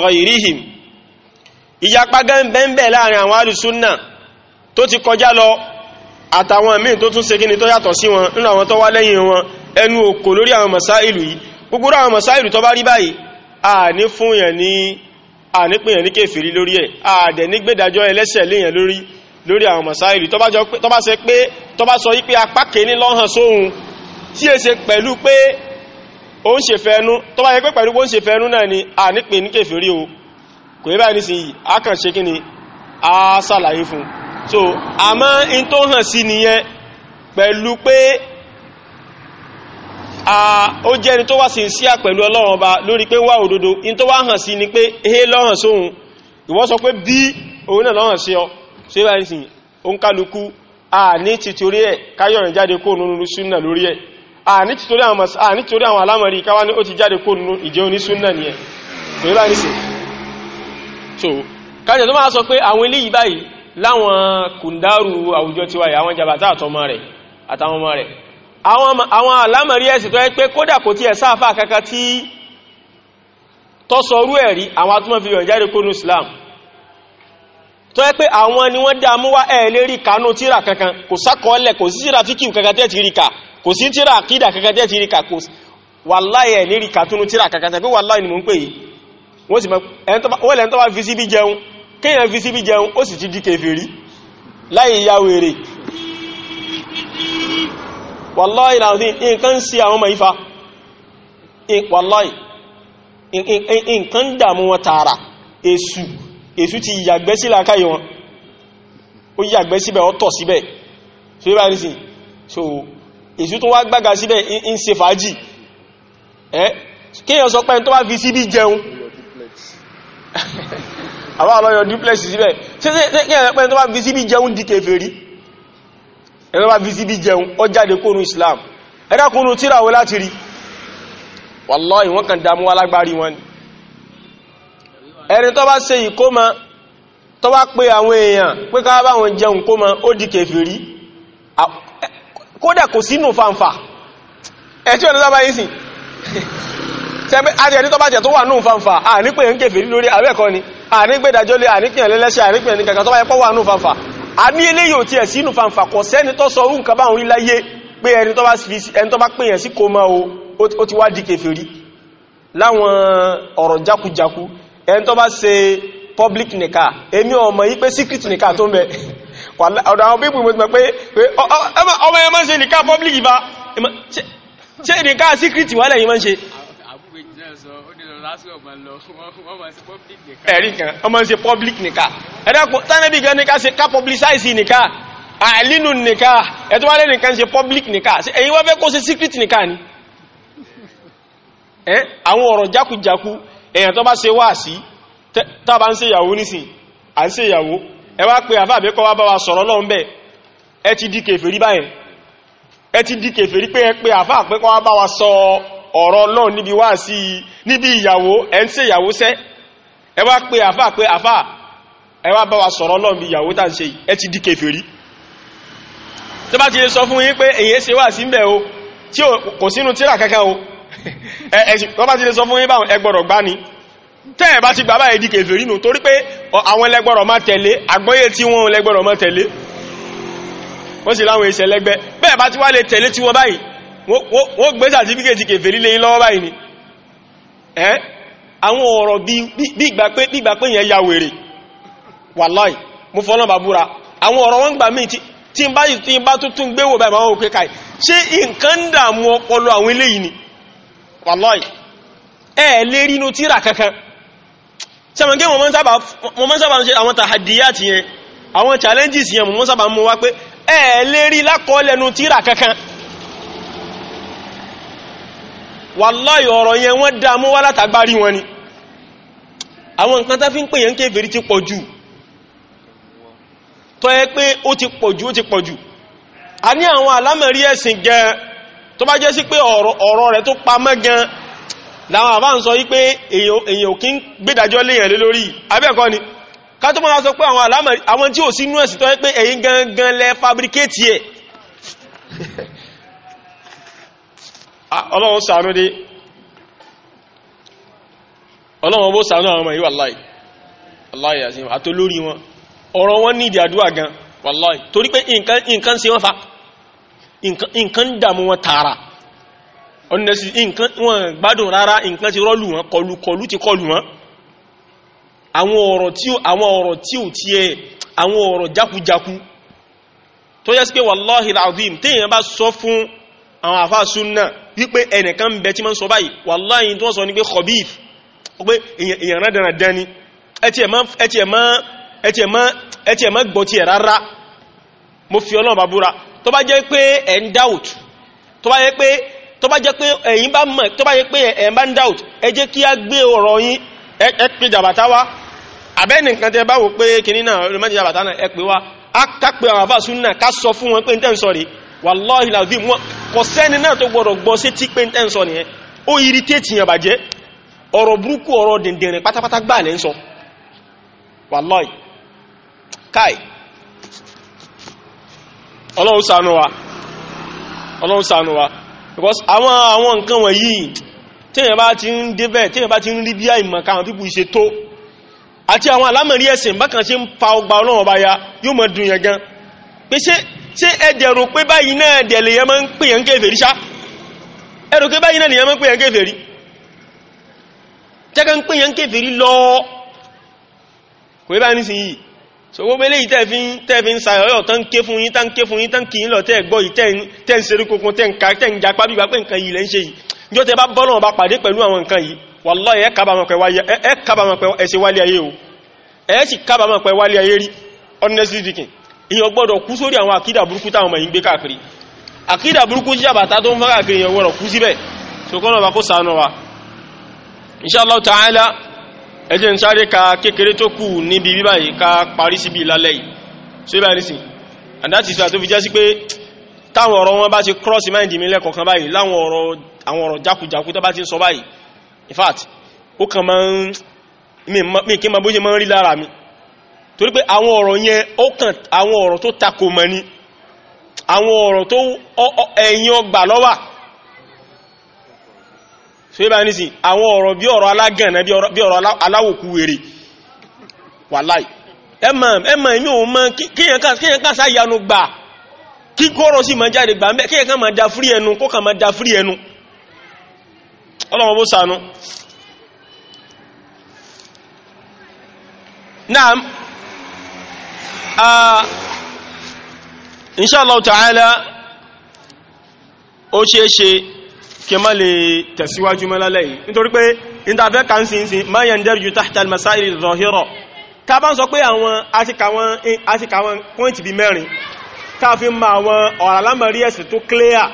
bẹ́ẹ̀ láàrin àwọn ahli tó ti kọjá lọ àtàwọn míì tó tún ṣe kí ni tó yàtọ̀ sí wọn nínú àwọn tó wá lẹ́yìn wọn ẹnu òkò lórí àwọn masáìlú yìí gbogbo àwọn masáìlú tó bá rí báyìí a fún yẹn ní a ní yẹn ní kèfèrí lórí ẹ̀ a ní gbẹ́dájọ́ ẹlẹ́ṣẹ̀ léyàn lórí lórí àwọn masáìlú tó bá ṣe pé tó bá sọ yí apá kìíní lọ́hàn sóhun tí èsè pẹ̀lú pé ó ń ṣe fẹ́nu tó bá yẹ pé pẹ̀lú pé ó ń ṣe fẹ́nu náà ni a ní ní kèfèrí o kò yẹ báyìí nísìnyí a kàn ṣe kí ni a ṣàlàyé fún un so àmọ́ in tó hàn sí nìyẹn pẹ̀lú pé ó jẹ́ ẹni tó wá sincere pẹ̀lú Ọlọ́run ọba lórí pé wá òdodo in tó wá hàn sí ni pé he lọ́hàn sóhun ìwọ sọ pé bí òun náà lọ́hàn sí ọ ṣe wá ní sìn òun kálukú a ní títorí ẹ̀ káyọ̀rìn jáde kó nínú súnà lórí ẹ̀ a ní títorí àwọn alámọ̀rí káwá ní ó ti jáde kó nínú ìjẹ́ oní súnà nìyẹn so kájẹ̀ tó máa sọ pé àwọn eléyìí báyìí láwọn kùndàrú àwùjọ tiwa yìí àwọn jàbàtà àtọmọ rẹ̀ àtàwọn ọmọ rẹ̀ àwọn alámọ̀rí ẹ̀sìn tó yẹ pé kódà kò tí ẹ̀ sáàfà kankan tí tó sọrú ẹ̀rí àwọn atúmọ̀ fi yọ̀n jáde kónú Islam tó yẹ pé àwọn ni wọ́n dá mú wá ẹ̀ lérí kanú tíra kankan kò sákọọ́lẹ̀ kò sí tíra fíkìm kankan tẹ́ ti rí ka kò sí tíra àkídà kankan tẹ́ ti ni mò ń pè yìí wọ́n sì mọ́ kéèyàn fi síbí jẹun ó sì ti di kèfèrí láì ya wèrè wàláì láàrín nǹkan sí àwọn ọmọ ifá wàláì nǹkan dàmú wọn tààrà èṣù èṣù ti yàgbẹ́ sí làákàyè wọn ó yàgbẹ́ síbẹ̀ ó tọ̀ síbẹ̀ so yíba ní sí so èṣù tó wá gbága síbẹ̀ ń ṣe fàájì ẹ́ kéèyàn sọ pé tó bá fi síbí jẹun àwọn àbáyọ duplex síbẹ̀ tẹ́kẹ́ tó bá fi síbí jẹun di kèfèrí ẹ̀rọ bá fi síbí jẹun ó jáde kónú Islam ẹ̀dàkùnrin tíra wọ láti rí wallahi wọ́n kàn dámú alágbárí wọn ni ẹni tó bá ṣe ìkómọ tó bá pé àwọn èèyàn pé ká bá wọn jẹun kómọ ó di kèfèrí kódà kò sínú fanfà ẹ̀tí ọ̀nà sábà yìí sìn àti ẹni tó bá jẹ ànígbèdájọ́ lé àníkìyàn lẹ́lẹ́ṣẹ̀ àníkìyàn ní kankan tó bá yẹ kó wà nù fanfà a ní eléyìí ò tiẹ̀ sínú fanfà kò sẹ́ni tó sọ orú nǹkan báwọn iláyé pé ẹni tó bá pèèyàn sí kó máa ó ti wá di kèfèrí láwọn ọ̀rọ̀ jákujáku ẹni tó bá ṣe public nìka èmi ọmọ yí pé secret nìka tó ń bẹ ọ̀dọ̀ àwọn pípù mo ti mọ̀ pé ọmọ ẹ ẹ̀rí kan ọmọ ń ṣe public nìka ẹ̀dàkùn tánàbí gan nìka ṣe ká publicize nìka àìlínú nìka ẹ̀tọ́ wálé nìkan ṣe public nìka ẹ̀yin wá fẹ́ kó ṣe secret nìka ni àwọn ọ̀rọ̀ jákujàku èyàn tó bá ṣe wá sí tàbá ń ṣe ìyàwó nísìn à ń ṣe ìyàwó ẹ wá pé àfáàbẹ́ kọ́ wá bá wa sọ̀rọ̀ lọ́n bẹ́ ẹ ti di kèfèrí báyẹn ẹ ti di kèfèrí pé ẹ pé àfáàbẹ́ kọ́ wá bá wa sọ ọ̀rọ̀ ọlọ́run níbi wá sí níbi ìyàwó ẹ̀ ń ṣe ìyàwó sẹ́ ẹ wá pé àfà pé àfà ẹ wá bá wa sọ̀rọ̀ ọlọ́run bí ìyàwó tàà ń ṣe ẹ ti di kèfèrí tó bá ti lè sọ fún yín pé èyí ṣe wà sí ń bẹ̀ o tí kò sínú tíra kankan o tó bá ti sọ fún yín báwọn ẹ gbá ni tẹ́ ẹ̀ bá ti gbà báyìí di kèfèrí nù torí pé àwọn ẹlẹgbọ́dọ̀ wọ́n gbé sàtífíkètì kèfèrí lé lọ́wọ́ báyìí ni ẹ́ àwọn ọ̀rọ̀ bí ìgbà pé yẹn ya wèrè wàláì mú fọ́nà bàbúra àwọn ọ̀rọ̀ wọ́n gbà míì tí n bá yìí tí n bá tó tún gbéwò báyìí máa òkè káì ṣé nǹkan dààmú ọpọlọ àwọn eléyìí ni wàláì ẹ lè rí inú tíra kankan sẹ́mọ̀gé mo mọ́ sábà ń ṣe àwọn tàhàdíyàtì mú wá pé wàláyọ̀ ọ̀rọ̀ yẹn wọ́n dámú wá látàgbárí wọn ni àwọn nǹkan tá fi ń pè yẹn kéfèrí ti pọ̀ jù tọ́ ẹ pé ó ti pọ̀ jù ó ti pọ̀ jù a ní àwọn alámẹ̀rí ẹ̀sìn gan tó bá jẹ́ sí pé ọ̀rọ̀ rẹ̀ tó pamọ́ gan làwọn àbá ń sọ wípé èyàn ò kí ń gbédàjọ́ léyàn lé lórí abẹ́ẹ̀kọ́ ni ká tó mọ́ra sọ pé àwọn alámẹ̀rí àwọn tí ò sínú ẹ̀sìn tọ́ ẹ pé ẹ̀yin gangan lẹ fabricate yẹ Ah, ọlọ́run ṣàánú dé ọlọ́run bó ṣàánú àwọn ọmọ yìí wàláì wàláì àṣíwọ̀n àtò lórí wọn ọ̀rọ̀ wọn ní ìdí àdúwà gan wàláì torí pé nǹkan ṣe wọ́n fa nǹkan dàmú wọn tààrà honestly nǹkan wọn gbádùn rárá nǹkan ti rọ́lù wọn kọlùkọlù ti kọlù wọn àwọn ọ̀rọ̀ tí àwọn ọ̀rọ̀ tí ò tiẹ̀ àwọn ọ̀rọ̀ jákujáku tó yẹ sí pé wàláhìl azim téèyàn bá sọ fún àwọn àfáà súnnà wípé ẹnìkan bẹ tí ma ń sọ báyìí wàláyìn tó sọ ní pé khabif pé èyàn rádàrà dání ẹtí ẹ̀ má gbọ́tí ẹ̀ rárá mo fi ọlọ́run bá búra tó bá jẹ́ pé ẹ̀ ń doubt tó bá jẹ́ pé tó bá jẹ́ pé ẹ̀yin bá mọ̀ tó bá jẹ́ pé ẹ̀ bá ń doubt ẹ jẹ́ kí a gbé ọ̀rọ̀ yín ẹ pé jàbàtá wá àbẹ́nìkan tẹ bá wò pé kìnnìyàn lọ́mọdé jàbàtá náà ẹ pé wá ká pé àwọn àbá ká sọ fún wọn pé ń tẹ́ ń sọ rèé wàláhì làdí kò sẹ́ni náà tó gbọ́dọ̀ gbọ́ sí tí pé ń tẹ́ ń sọ nìyẹn ó irritate yàn bàjẹ́ ọ̀rọ̀ burúkú ọ̀rọ̀ dìndìnrìn pátápátá gbà ní sọ wàláhì káì ọlọ́run ṣàánú wa ọlọ́run ṣàánú wa because àwọn àwọn nǹkan wọ̀nyí téèyàn bá ti ń débẹ̀ téèyàn bá ti ń rí bí àìmọ̀ káwọn pípù ṣe tó àti àwọn alámọ̀rí ẹ̀sìn bákan ṣe ń fa ọgbà ọlọ́run ọba ya yóò mọ̀ dùn yẹn gan pé ṣé ẹjẹ̀rò pé báyìí náà dẹ̀lẹ̀ yẹn máa ń pè yẹn kéfèrí ṣá ẹ̀rò pé báyìí náà lè yẹn máa ń pè yẹn kéfèrí jẹ́kẹ́ ń pè yẹn kéfèrí lọ kò yẹ bá ní sin yìí so gbogbo eléyìí tẹ́ẹ̀fí ń sàyọ̀yọ̀ tán ké fún yín tán ké fún yín tán kì í lọ tẹ́ẹ̀ gbọ́ yìí tẹ́ẹ̀ ń serí kokun tẹ́ẹ̀ ń ka tẹ́ẹ̀ ń japa bí wà pé nǹkan yìí lẹ́ ń ṣe yìí ní tẹ́ bá bọ́nà ọba pàdé pẹ̀lú àwọn nǹkan yìí wallahi ẹ kábàámọ̀ pẹ̀ ẹsẹ̀ rí honestly speaking èyàn gbọ́dọ̀ kú sórí àwọn àkídà burúkú táwọn ọmọ yìí ń gbé káàkiri àkídà burúkú jíjàbàtà tó ń fọ́ káàkiri èyàn gbọ́dọ̀ kú síbẹ̀ ṣokọ́nà bá wa Insha Allah Ta'ala ẹ jẹ́ n sáré ka kékeré tó kù níbi bíbá yìí ká parí síbi ìlálẹ́ yìí so ibà nísìn and that is why tó fi jẹ́ sí pé táwọn ọ̀rọ̀ wọn bá ti mi ó kàn máa ń mi kí n máa bó ṣe máa rí lára mi torí pé àwọn ọ̀rọ̀ yẹn ó kàn àwọn ọ̀rọ̀ tó takò mọ̀ ní àwọn ọ̀rọ̀ tó ẹ̀yìn ọgbà lọ́wà so ibá ní sí àwọn ọ̀rọ̀ bí ọ̀rọ̀ alágànà bí ọ̀rọ̀ aláwòkú wèrè wàláì ẹmà ẹmà èmi òun mọ́ kíyàn kásá yanu gbà kí kọ́rọ̀ sí mọ́ jáde gbà mẹ́ kíyàn ká máa da fúrí ẹnu kó kà máa da fúrí ẹnu ọlọ́wọ́ bó sànú inṣàlá ta'ala ó ṣe é ṣe kí má lè tẹ̀síwájú mẹ́lálẹ́ yìí nítorí pé ìtafẹ́ kan sí sí ma yandarju tahta al-masail adh-dhahira ta bá ń sọ pé àwọn àtikàwọn pọ́ìntì bí mẹ́rin ta fi ma àwọn ọ̀ràlámọ̀rí ẹ̀sìn tó clear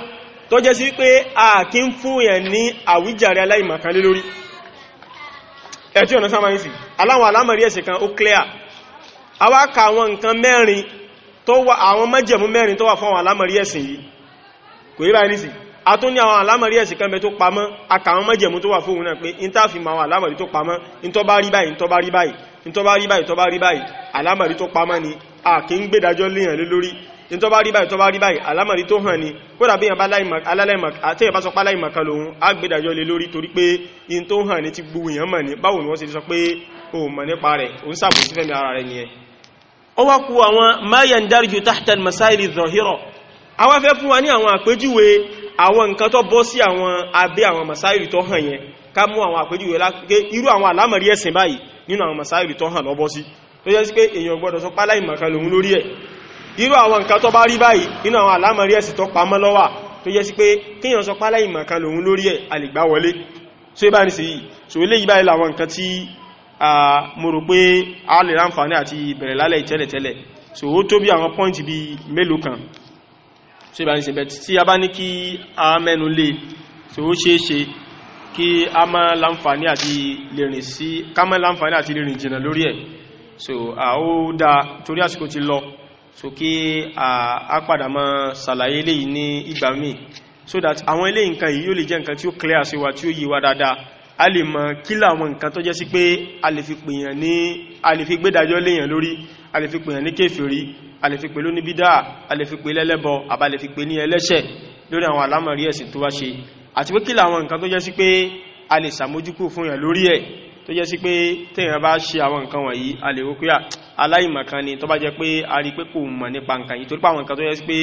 tó jẹ́ sí pé a kí ń fún yẹn ní àwíjàre aláìmọ̀kan lé lórí ẹ̀tí ọ̀nà sáma ń sì aláwọn àlámọ̀rí ẹ̀sìn kan ó clear awáka àwọn nǹkan mẹ́rin tó wà àwọn májẹ̀mú mẹ́rin tó wà fún àwọn alámọ̀rí ẹ̀sìn yìí kò yíra ẹni sí a tún ní àwọn alámọ̀rí ẹ̀sìn kan bẹ tó pamọ́ akàwọn májẹ̀mú tó wà fún òun náà pé in tá fi mọ àwọn alámọ̀rí tó pamọ́ in tó bá rí báyìí in tó bá rí báyìí in tó bá rí báyìí tó bá rí báyìí alámọ̀rí tó pamọ́ ni a kì ń gbédájọ́ léèyàn lé lórí in tó bá rí báyìí tó bá hàn ni kódà ó wá kú àwọn ma yandarju tahta al-masaili adh-dhahira awá fẹ́ fún wa ní àwọn àpéjúwe àwọn nǹkan tó bọ́ sí àwọn abẹ́ àwọn masáìlì tó hàn yẹn ká mú àwọn àpéjúwe lápé irú àwọn alámọ̀rí ẹ̀sìn báyìí nínú àwọn masáìlì tó hàn lọ́bọ́ sí tó yẹ sí pé èèyàn gbọ́dọ̀ sọ pálá ìmọ̀kan mo rò pé a lè ráǹfààní àti bẹ̀rẹ̀ lálẹ́ ìtẹ́lẹ̀tẹ́lẹ̀ so ó tó bí àwọn pọ́ìntì bí mélòó kan so ìbáni ṣe bẹ̀tì tí a bá ní kí a mẹ́nu lé so ó ṣeé ṣe kí a má láǹfààní àti lè rìn sí ká má àti lè rìn jìnà lórí ẹ̀ so a ó dá torí àsìkò ti lọ so kí a padà mọ́ ṣàlàyé eléyìí ní ìgbà míì so that àwọn eléyìí nǹkan yìí yóò lè jẹ́ nǹkan tí ó clear sí wa tí ó yí wa dáadáa a lè mọ̀ kí láwọn nǹkan tó jẹ́ sí pé a lè fi pèèyàn ní a lè fi gbédàjọ́ léèyàn lórí a lè fi pèèyàn ní kéfèrí a lè fi pè lóní bídá a lè fi pè lẹ́lẹ́bọ àbá lè fi pè ní ẹlẹ́ṣẹ̀ lórí àwọn àlámọ̀rí ẹ̀sìn tó wá ṣe àti pé kí láwọn nǹkan tó jẹ́ sí pé a lè sàmójúkú fún èèyàn lórí ẹ̀ tó jẹ́ sí pé téèyàn bá ṣe àwọn nǹkan wọ̀nyí a lè wó pé aláìmọ̀kan ni tó bá jẹ́ pé a rí pé kò mọ̀ nípa nǹkan yìí torí àwọn nǹkan tó jẹ́ sí pé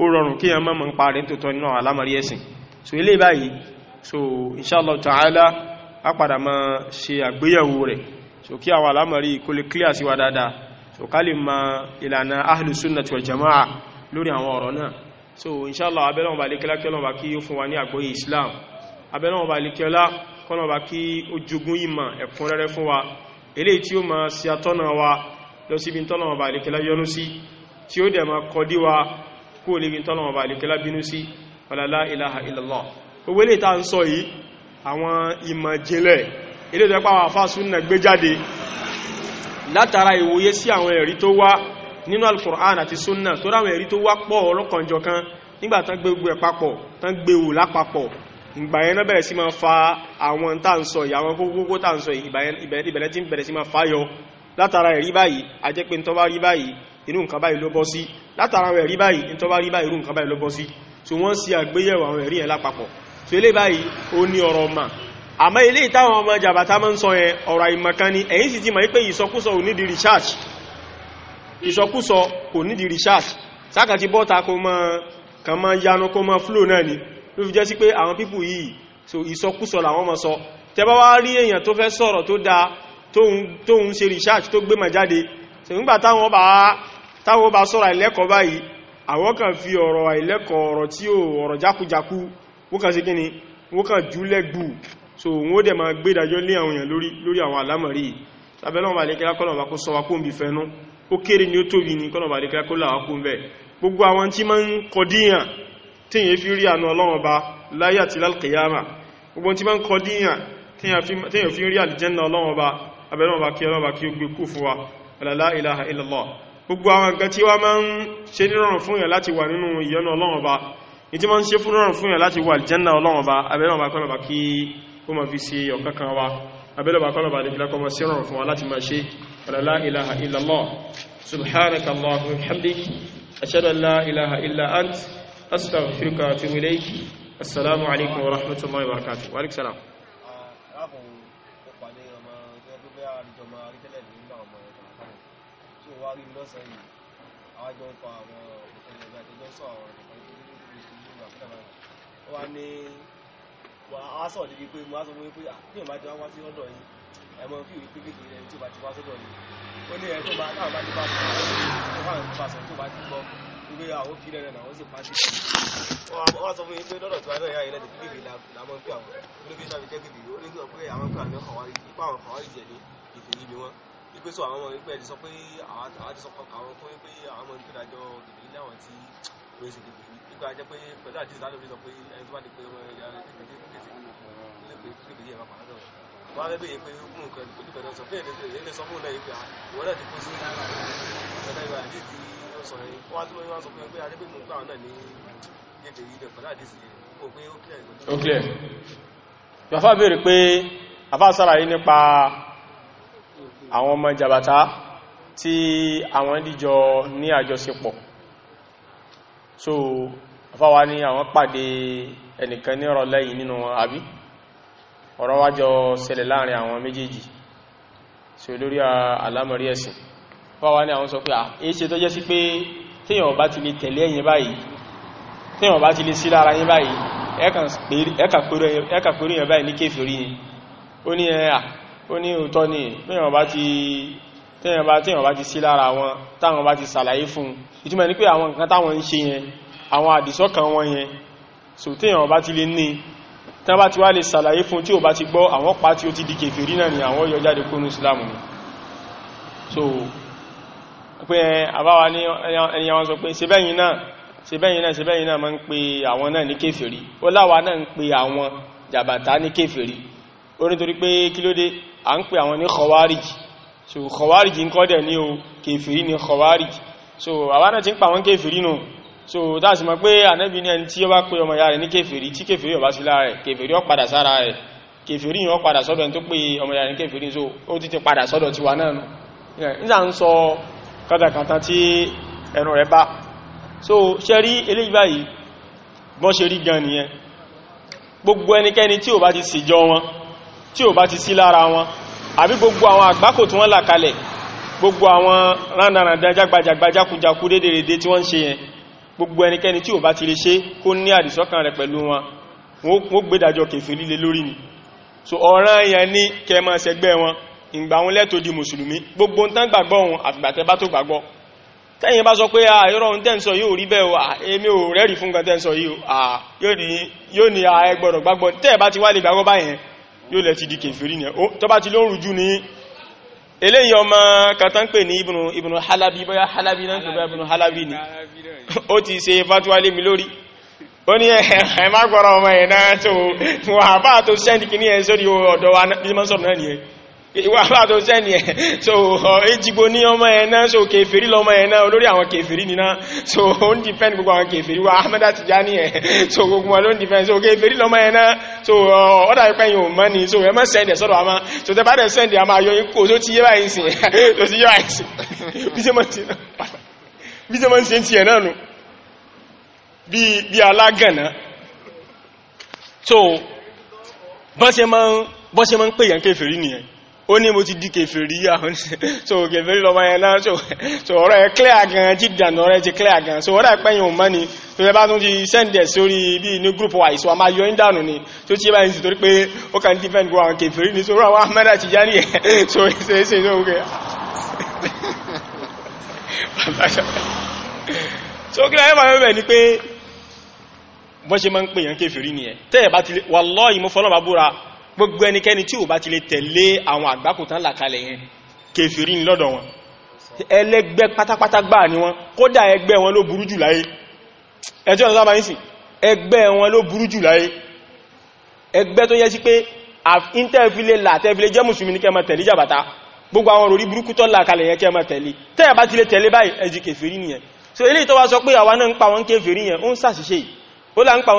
ó rọrùn kí èèyàn mọ̀ mọ̀ nípa rẹ̀ tó tọ́ nínú àwọn àlámọ̀rí ẹ̀sìn so eléyìí báyìí so inshallah ta'ala a padà ma ṣe àgbéyẹ̀wò rẹ̀ so kí àwọn alámọ̀rí kó lè clear sí wa dáadáa so ká lè ma ìlànà ahlu sunnati wal jama'a lórí àwọn ọ̀rọ̀ náà so inshallah abẹ́lọ́wọ̀n bá lè kẹ́lá kẹ́lọ́wọ̀n bá kí ó fún wa ní àgbóyè islam abẹ́lọ́wọ̀n bá lè kẹ́lá kọ́nà bá kí ó jogún ìmọ̀ ẹ̀kúnrẹ́rẹ́ fún wa eléyìí tí ó ma ṣe atọ́nà dẹ̀ ma kọ́ dí wa kó lè bí bínú sí wala la ilaha gbogbo ilé ìta ń sọ yìí àwọn ìmọ̀ jìnlẹ̀ ilé ìtọ́pá àwọn afásúnnà gbé jáde látara ìwòye sí àwọn ẹ̀rí tó wá nínú al-Qur'an àti súnnà tó ráwọn ẹ̀rí tó wá pọ̀ ọlọ́kanjọkan nígbà tán gbé tán gbé lápapọ̀ ìgbà yẹn fa àwọn tá ń sọ yìí àwọn kókókó tá ń sọ yìí ìbẹ̀rẹ̀ tí ń bẹ̀rẹ̀ sí máa fa yọ látara ẹ̀rí báyìí a jẹ́ pé ń tọ́bá rí báyìí irú nǹkan báyìí ló bọ́ sí látara ẹ̀rí báyìí ń tọ́bá rí báyìí irú nǹkan báyìí ló bọ́ sí tí wọ́n sì àgbéyẹ̀wò àwọn ẹ̀rí yẹn lápapọ̀ so ilé báyìí ó ní ọ̀rọ̀ ọmọ àmọ́ ilé ìtàwọn ọmọ jàbàtà mọ́ ń sọ yẹn ọ̀rọ̀ àìmọ̀kan ẹ̀yìn sì ti mọ̀ pé ìsọkúsọ ò nídi research ìsọkúsọ kò nídi research sáka ti bọ́ta kó mọ́ kan mọ́ yanu kó mọ́ flow náà ni ló fi jẹ́ sí pé àwọn pípù yìí so ìsọkúsọ làwọn mọ́ sọ tẹ́bá wá rí èèyàn tó fẹ́ sọ̀rọ̀ tó dáa tóun ṣe research tó gbé mọ̀ jáde sèmúgbà táwọn bá sọ̀rọ̀ àìlẹ́kọ̀ọ́ báyìí àwọn kan fi ọ̀rọ̀ àìlẹ́kọ̀ọ́ ọ̀rọ̀ tí ó ọ̀rọ̀ jákujáku wọ́n kà sí kí ni wọ́n so wọ́n dẹ̀ máa gbé ìdájọ́ lé àwọn èèyàn lórí àwọn àlámọ̀rí tàbẹ́lọ́n bá lékẹ́lá kọ́lọ̀bà kó sọ wakó bí fẹ́nú ó kéré ni ó tóbi ní kọ́lọ̀bà lékẹ́lá kó làwákó bẹ̀ gbogbo àwọn tí máa ń kọdíyàn tí yẹn fi rí àánú ọlọ́run ba láyé àti lálkìyàmà gbogbo tí ń rí àlìjẹ́nà ọlọ́run ba abẹ́lọ́run bá kí ọlọ́run bá kí la ilaha illallah gbogbo àwọn nǹkan tí wá máa ń ṣe nírọ̀rùn fún yẹn láti ba ní tí ma ń ṣe fún rọrùn fún yà láti wà aljanna ọlọ́wọ́n bá abẹ́lọ́wọ́ akọ́lọ́bà kí ó ma fi ṣe ọ̀kankan wa abẹ́lọ́wọ́ akọ́lọ́bà lè kílákọ́ ma ṣe rọrùn fún wa láti ma ṣe la ilaha illallah subhanaka allahumma wa bihamdik ashhadu an la ilaha illa ant astaghfiruka wa atubu ilayk assalamu alaikum wa rahmatullahi wa barakatuh wa alaikum salam àwọn àjọ ń fa àwọn òkèlè ẹgbẹ́ àtẹjọ́ sọ àwọn ọ̀rọ̀ wà ní wà á sọ̀rọ̀ níbi pé mo á sọ fún yín pé bí ìmọ̀ àjọ wá sí ẹ mọ bí ìwé pépé kìí ẹni o bá ti wá sọ́dọ̀ yìí ó ní ẹ tó bá táwọn bá ti bá sọ ọ fáwọn ìfúnpá sọ tó bá ti gbọ́ wípé àwọn fi rẹ̀ náà wọ́n sì pa sí i wọ́n wá sọ fún yín pé lọ́dọ̀ tí wọ́n náà yà yín lẹ́dẹ̀ pépé làmọ́ ń pè àwọn olóbi sábì jẹ́ pépé ó ní sọ pé àwọn ń pè àwọn kọ̀wárí ipá àwọn kọ̀wárí jẹ̀ ní ìpè ni wọ́n ipe sọ àwọn ọmọ ipe ẹ̀dì sọ pé àwọn ti sọ pé àwọn fún pé àwọn ọmọ ìpè dájọ́ kìkì láwọn tí wọ́n ṣe kìkì tó a jẹ́ pé pẹ̀lú àdìsí sálóbi sọ pé ẹni tó bá di pé ọmọ ẹ̀yà kékeré yẹn máa pàdánù wọn á bẹ̀yẹ pé ogún nǹkan olùkọ́ náà sọ pé èyí lè sọ fún ilẹ̀ yìí pé ah, náà ti kó sí ọ̀dọ̀ ìwà àdìsí tí ó sọ yìí wọ́n á tún wọ́n sọ pé ah, pé mò ń gbà náà ní gèdè yìí lẹ̀ pẹ̀lú àdìsí kò pé ó kílẹ̀ ó kílẹ̀ béèrè pé afá sàlàyé nípa àwọn ọmọ jàbàtá tí àwọn ìdíjọ ní àjọṣepọ̀ so afáwa ní àwọn pàdé ẹnìkan ní ọ̀rọ̀ lẹ́yìn nínú àbí ọ̀rọ̀ wá jọ ṣẹlẹ̀ láàrin àwọn méjèèjì sí olórí àlámọ̀rí ẹ̀sìn afáwa ní àwọn sọ pé àyí ṣe tó jẹ́ sí pé téèyàn bá ti lè tẹ̀lé ẹ̀yìn báyìí téèyàn bá ti lè sí lára yín báyìí ẹ̀kà pẹ̀rú yẹn báyìí ní kéfèrí yìí ó ní ẹ̀yà ó ní òótọ́ ni téèyàn bá ti téèyàn bá àwọn àdìsọ́kàn wọn yẹn so tí èyàn bá ti lè ní tí wọ́n bá ti wá lè sàlàyé fún tí ò bá ti gbọ́ àwọn pa tí ó ti di kèfèrí náà ni àwọn yọ jáde kúrò Islam ni so pé àbáwa ní ẹni àwọn sọ pé ṣebẹ́yìn náà ṣebẹ́yìn náà ṣebẹ́yìn náà máa ń pe àwọn náà ní kèfèrí ó láwa náà ń pe àwọn jàbàtà ní so kọwárìjì ń kọ́ o kèfèrí ní so àwa náà ti ń so that's mọ̀ pé ànábì ní ẹni tí ó bá pé ọmọ ya rẹ̀ ní kèfèrí tí kèfèrí ó bá sí lára rẹ̀ kèfèrí ó padà sára rẹ̀ kèfèrí yìí ó padà sọ́dọ̀ ẹni tó pé ọmọ ya rẹ̀ ní kèfèrí so ó ti ti padà sọ́dọ̀ tiwa náà nù nígbà ń sọ kátàkátà tí ẹnu rẹ̀ bá so ṣe rí eléyìí báyìí bọ́n ṣe rí gan nìyẹn gbogbo ẹnikẹ́ni tí ò àwọn àgbákò tí wọ́n là kalẹ̀ gbogbo tí wọ́n ń ṣe yẹn gbogbo ẹnikẹ́ni tí ò bá ti lè ṣe kó ní àdìsọ́kàn rẹ̀ pẹ̀lú wọn wọ́n gbédàjọ kèfì líle lórí ni so ọ̀ràn èèyàn ní kẹmọ́ ṣẹgbẹ́ wọn ìgbà wọn lẹ́tò di mùsùlùmí gbogbo ń tán gbàgbọ́ ohun àtìgbàtẹ́ bá tó gbàgbọ́ tẹ́yìn bá sọ pé àìrọ̀ ohun tẹ́ǹsọ yóò rí bẹ́ẹ̀ èmi ò rẹ́rì fún nǹkan tẹ́ǹsọ yóò ní àẹgbọ̀rọ̀ ni eléyìí ọmọ kàtán pè ní ibùnù halabi bóyá halabi náà tó bá ibùnù halabi ni ó ti ṣe fatuwa lé mi lórí ó ní ẹ̀ẹ̀má gbọ́rọ̀ ọmọ ẹ̀ náà tó wà bá tó sẹ́ndì ní ẹ̀ sórí ọ̀dọ̀ bí mọ́ sọ̀rọ̀ náà nìyẹn ìwà àbáàtò sẹ́ni ẹ̀ so ejigbo ní ọmọ ẹ̀nà so kèfèrí lọmọ ẹ̀nà olórí àwọn kèfèrí nìna so ó ń dìfẹ́ǹd gbogbo àwọn kèfèrí wa Ahmada Tijani ẹ̀ so gbogbo wọn ló ń dìfẹ́ǹd so kèfèrí lọmọ ẹ̀nà so ọ̀dà ìpẹ́ yìí ò mọ́ ni so ẹ má sẹ́ndẹ̀ sọ́dọ̀ àmá so tẹ bá dẹ̀ sẹ́ndẹ̀ àmá ayọ ikú tó ti yé báyìí sìn tó bí sẹ́mọ́ ń ṣe so bọ́n ṣe máa ń pè yàn kèfèrí nìyẹn ó ní mo ti di kèfèrí àwọn so kèfèrí lọ́mọ yẹn náà so ọ̀rọ̀ ẹ̀ clear gan jíjàn ọ̀rọ̀ ẹ̀ ti clear gan so ọ̀rọ̀ ẹ̀pẹ́yìn ò mọ́ ni tó fẹ́ bá tún ti send ẹ̀ sórí bí ní group wa ìsọ àmà yọ ń dànù ni tó ti bá ń sì torí pé ó kàn defend gbọ́ àwọn kèfèrí ni so ọ̀rọ̀ àwọn amẹ́dà ti já nìyẹn so ṣe é ṣe é ok so kí láyé máa bẹ̀rẹ̀ ni pé bọ́n ṣe máa ń pè yàn kèfèrí nìyẹn tẹ́ẹ̀ bá ti wallahi mo gbogbo ẹnikẹ́ni tí ò bá ti lè tẹ̀lé àwọn àgbákùtán làkalẹ̀ yẹn kèfèrí ní lọ́dọ̀ wọn ẹlẹ́gbẹ́ pátápátá gbáà ni wọn kódà ẹgbẹ́ wọn ló burú jù láyé ẹjọ́ ọ̀nà sábà nísìn ẹgbẹ́ wọn ló burú jù láyé ẹgbẹ́ tó yẹ sí pé ìntẹ́filé làtẹ́filé jẹ́ mùsùlùmí ní kẹ́mà tẹ̀lé jàbàtà gbogbo àwọn orí burúkú tó so eléyìí tó wá sọ pé àwa náà ń pa wọn kèfèrí yẹn ó ń ṣàṣìṣe ó là ń pa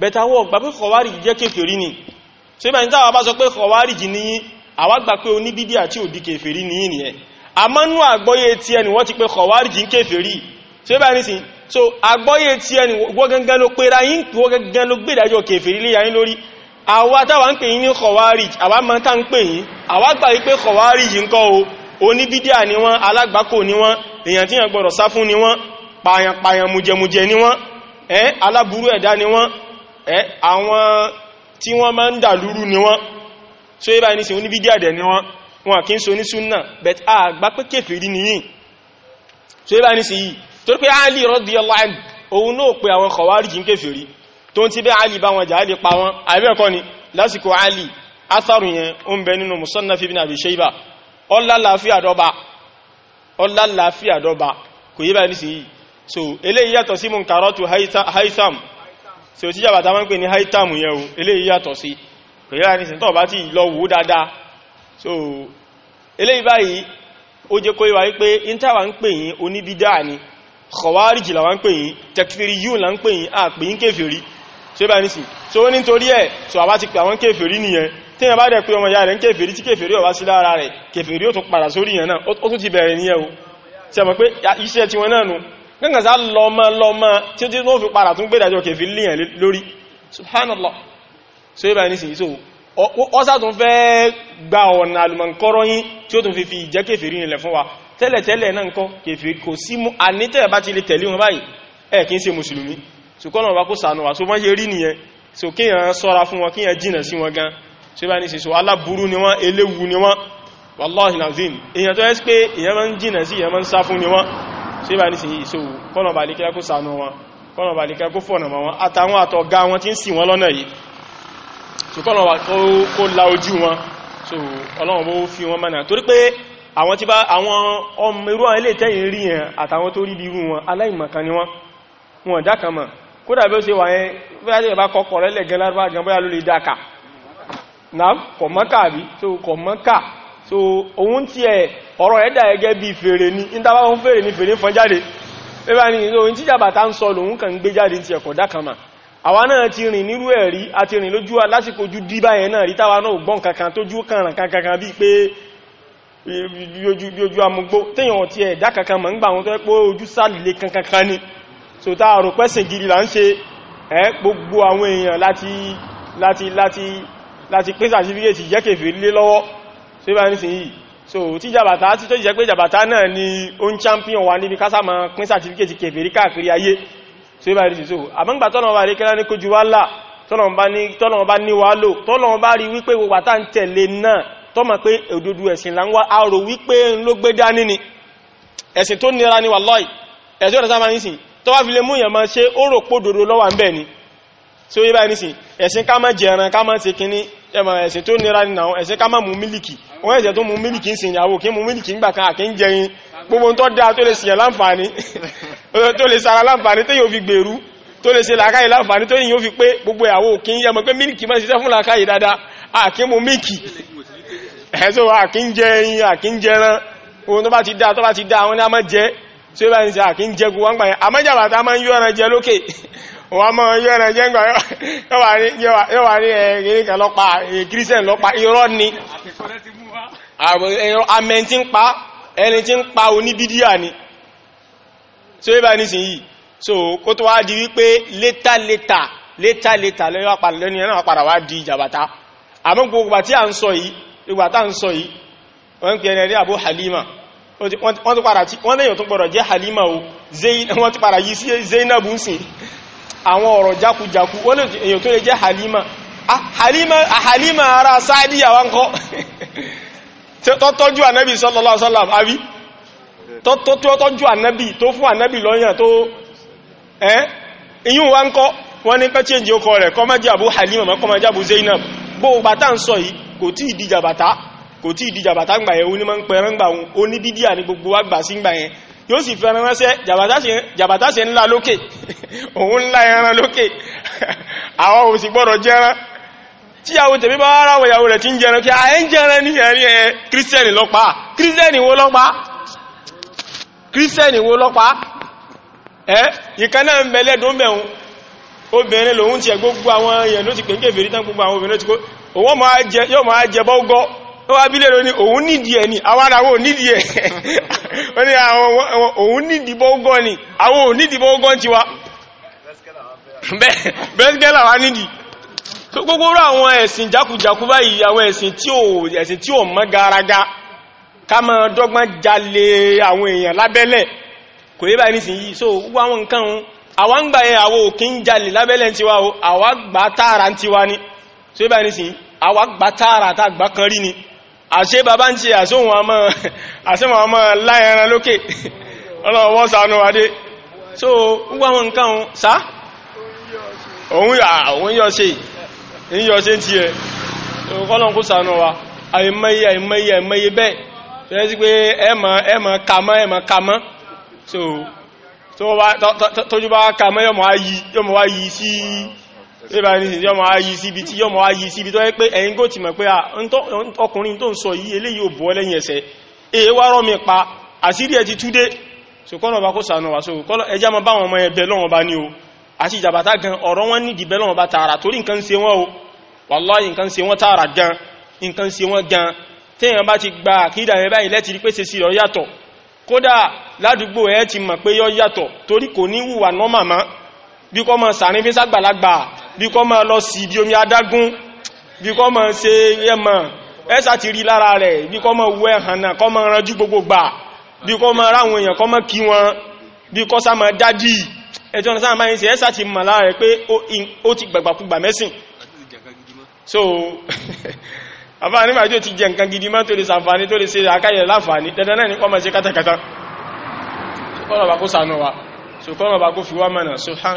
bẹ̀tà wọ́n gbà pé kọ̀wárìjì jẹ́ kèfèrí ni so ibẹ̀ níta wà bá sọ pé kọ̀wárìjì ní àwa gbà pé oníbídí àti òdí kèfèrí ní ìnìyẹn àmọ́nú àgbọ́yé ti ẹni wọ́n ti pé kọ̀wárìjì ń kèfèrí so ibẹ̀ ní sin so àgbọ́yé ti ẹni wọ́n gangan ló pé ra yín wọ́n gangan ló gbé ìdájọ́ kèfèrí lé yín lórí àwa táwa ń pè yín ní kọ̀wárìjì àwa mọ tá ń pè yín àwa gbà pé kọ̀wárìjì ń kọ́ o oníbídí à ni wọ́n alágbákò ni wọ́n èèyàn tíyàn gbọ́dọ̀ sá fún ni wọ́n pààyàn pààyàn mùjẹmùjẹ ni wọ́n ẹ́ aláburú ẹ̀dá ni wọ́n ẹ́ àwọn tí wọ́n máa ń dà lúrú ni wọ́n so ibá ní sí oní bídí àdẹ̀ ni wọ́n wọn kí ń so ní súnnà but a gbá pé kèfèrí nìyí so ibá ní sí yìí tó pé Ali radiyallahu anhu òun náà pé àwọn Khawarij ń kèfèrí tó ti bẹ́ Ali bá wọn jà Ali pa wọn Ali atharu yẹn ó ń bẹ nínú Musannaf ibn Abi Shayba ọlá làáfíà dọ́ba ọlá làáfíà dọ́ba kò yí bá ní sí yìí tí ó tíjà bàtà máa ń pè ní haitamu yẹn o eléyìí yàtọ̀ sí pẹ̀lá ní sìntọ́ bá ti lọ dáadáa so eléyìí báyìí ó jẹ́ kó yíwa wípé intawa ń pè yín oníbídá ni kọwárìjì làwọn ń pè yín tẹkfìrí yíò là ń pè yín àpè yín kéfèrí so bá ní sí so ó ní torí ẹ̀ so àbá ti pè àwọn kéfèrí nìyẹn tí yẹn bá dẹ̀ pé ọmọ ìyá rẹ̀ ń kéfèrí tí kéfèrí ọ̀wá sí gbẹ́gbẹ̀sá lọ́mọ lọ́mọ tí ó tí ó fi padà tún gbẹ́dàjọ́ kẹfì líyàn lórí subhanallah so yíba ní sí so ọ́sá tún fẹ́ gba ọ̀nà alùmọ̀kọ́rọ́ yín tí ó tún fi fi ìjẹ́ kẹfì rí nílẹ̀ fún wa tẹ́lẹ̀tẹ́lẹ̀ náà nǹkan kẹfì kò sí mú ànítẹ̀ bá ti lè tẹ̀lé wọn báyìí ẹ̀ kí ń ṣe mùsùlùmí ṣùkọ́nà bá kó sànù wà so wọ́n ṣe rí nìyẹn so kíyàn sọ́ra fún wọn kíyàn jìnà sí wọn gan so yíba ní sí so aláburú ni wọ́n eléwu ni wọ́n wallahi nazim èèyàn tó ẹ́ pé èèyàn máa ń jìnà sí èèyàn máa ń sá fún ni wọ́n ṣe bá ní sí yìí so kọ́nà bá líkẹ́ kó sànú wọn kọ́nà bá líkẹ́ kó fọ̀nà wọn àtàwọn àtọ̀gá wọn tí ń ṣì wọ́n lọ́nà yìí so kọ́nà wà kó la ojú wọn so ọlọ́run bó fi wọn mọ́nà torí pé àwọn tí bá àwọn ọmọ irú àwọn ilé tẹ́yìn rí yẹn àtàwọn tó rí bí irú wọn aláìmọ̀kan ni wọn wọn ọ̀dá kan mọ̀ kódà bí ó ṣe wà yẹn bí wọ́n bá kọ́kọ́ rẹ̀ lẹ̀ gan lárúbá gan bóyá ló lè dáka náà kọ̀mọ́kà àbí so kọ̀mọ́kà so òun tí ẹ ọ̀rọ̀ ẹ̀dà ẹgẹ́ bí fèrè ní ìtàbá fún fèrè ní fèrè fún jáde pẹ́bà ní ìròyìn tí jàbàtà ń sọ lòun kàn gbé jáde ti ẹ̀kọ̀ dákàmà àwa náà ti rìn nírú ẹ̀ rí àti rìn lójú lásìkò ojú díbà yẹn náà rí táwa náà gbọ́n kankan tó jú kànràn kankan bí pé ojú amugbó téèyàn ti ẹ̀dá kankan mọ̀ ń gbà wọn tó pé ojú sálìlé kankan ni so tá àrùn pẹ́sìn gidi là ń ṣe ẹ́ gbogbo àwọn èèyàn láti láti láti láti pé sàtífíkèsì lé lọ́wọ́ so ibá nísìn yìí so tí jàbàtà tí tó jẹ́ pé jàbàtà náà ni ó ń champion wa níbi kásàmà pín certificate kèfèrí káàkiri ayé so ibá nísìn so àmọ́ngbà tọ́nà wà rí kẹ́lá ní kojú wá là tọ́nà bá ní wá lò tọ́nà bá rí wípé wà tá ń tẹ̀lé náà tọ́mọ̀ pé òdodo ẹ̀sìn là ń wá arò wípé ń ló gbé dání ni ẹ̀sìn tó nira ni wallahi ẹ̀sìn ọ̀dọ̀ sáà máa nísìn ni ẹmọ ẹ̀sìn tó nira nínú àwọn ẹ̀sìn ká má mú mílìkì wọ́n ẹ̀sìn tó mú mílìkì ń sin ìyàwó kí mú mílìkì ń gbà kan àkí ń jẹrin gbogbo tó dá tó lè sìyàn láǹfààní tó lè sara láǹfààní tó yóò fi gbèrú tó lè ṣe làákàyè láǹfààní tó yóò fi pé gbogbo ìyàwó kí ń yẹ mọ̀ pé mílìkì máa ṣiṣẹ́ fún làákàyè dáadáa àkí mú mílìkì ẹ̀sọ́ àkí ń jẹrin àkí ń jẹran ohun tó bá ti dá tó bá ti wọ́n mọ́ yọ́nà jẹ́ngbà yọ́ wà ní ẹ̀rìn eh, kan lọ́pa kírísẹ̀n eh, lọ́pa irọ́ ni amẹ́ tí ń pa tí pa ni so yíba ní sin yìí so kó tó wá di wípé leta leta leta létà lẹ́ni ẹ̀nà di ìjàbàtà a ń Abu Halima ti Halima o ti àwọn ọ̀rọ̀ jákujáku ó lè èyàn tó lè jẹ́ halima ah, ah, halima ara sáàdì àwọn kọ́ tọ́tọ́jú ànábì sallallahu alaihi wasallam àbí tọ́tọ́jú ànábì tó fún ànábì lọ́yàn tó ẹ́ iyún wá ń kọ́ wọ́n ní pẹ́ halima mọ́ yóò sì fẹ́ràn ránṣẹ́ jàbátá sí ńlá lókè òun ńlá ẹran lókè àwọn òsì gbọ́dọ̀ jẹran tí àwọn tẹ̀mí bá ara wọ ìyàwó rẹ̀ tí ń jẹran kí ààyẹ ń jẹran ní ẹ̀rí ẹ̀ kírísítẹ́nì lọ́pàá kírísítẹ́nì wo lọ́pàá kírísítẹ́nì wo lọ́pàá ẹ́ ìkan náà ń bẹ lẹ́dùn mẹ́un obìnrin lòun ti ẹ̀ gbogbo àwọn èèyàn ló ti pè ń kéfèrí tán gbogbo àwọn obìnrin ló ti ó wá bílẹ̀ lóní òun nídìí ẹ̀ ni àwárawó nídìí ẹ̀ ó ní òun nídìí bọ́gọ́ ni àwọn òun nídìí bọ́gọ́ ti wá bẹ́ẹ̀sìkẹ́là wá nídìí tó gbogbo rọ àwọn ẹ̀sìn jákùjákù báyìí àwọn ẹ̀sìn tí ò mọ́ garaga ká mọ́ dọ́gbọ́n jalè àwọn èèyàn so gbogbo àwọn nǹkan òun àwa ń gbà yẹn àwọ òkè jalè lábẹ́lẹ̀ tiwa o àwa gbà tààrà tiwa ni so yé báyìí nísìnyí àwa gbà tààrà tá gbà kan rí ni àṣẹ bàbá ń ṣe àṣẹ́wọ̀n àmọ́ láẹran lókè ọlọ́run wọ́n sànú adé so gbogbo àwọn nǹkan ohun sá òun yọ ṣe ń yọ ṣe ti ẹ̀ ọlọ́run kó sànú wa àìmọye àìmọye àìmọye bẹ́ẹ̀ tó yẹ sí pé ẹmọ ẹmọ kamọ́ ẹmọ kamọ́ so tójú bá kamọ́ yọmọ wá yí sí ìbá ní ìsìn yọmọ ayí síbi tí yọmọ ayí síbi tó yẹ pé ẹ̀yin gò ti mọ̀ pé ọkùnrin tó ń sọ yìí eléyìí ò bọ́ lẹ́yìn ẹsẹ̀ èé wá rọ́ mi pa àṣírí ẹ̀ ti túdé ṣùkọ́nà gan ọ̀rọ̀ wọn nídìí bẹ́ lọ́wọ́ bá tààrà torí nǹkan ṣe wọ́n gan nǹkan ṣe wọ́n gan téèyàn bá ti gba àkídà ẹ báyìí lẹ́tìrí pé ṣe sí ọ yàtọ̀ kódà ládùúgbò ẹ ti mọ̀ pé yọ yàtọ̀ torí kò ní hùwà nọ́mà bí kò mọ̀ sàrin bí kọ́ máa lọ sí ibi omi adágún bí kọ́ máa ṣe ẹmọ̀ ẹ́sà ti rí lára rẹ̀ bí kọ́ máa wọ ẹ̀hànà kọ́ máa ranjú gbogbo gbà bí kọ́ máa ráwọn èèyàn kọ́ máa kí wọn bí kọ́ sá máa dádì ẹjọ́ náà so àbá nígbà tí ó ti jẹ nǹkan gidi máa tó lè sàǹfàní tó lè ṣe àkáyẹ̀ láǹfàní dandan bá kó wa so kọ́nà bá kó fi wá mẹ́nà so hàn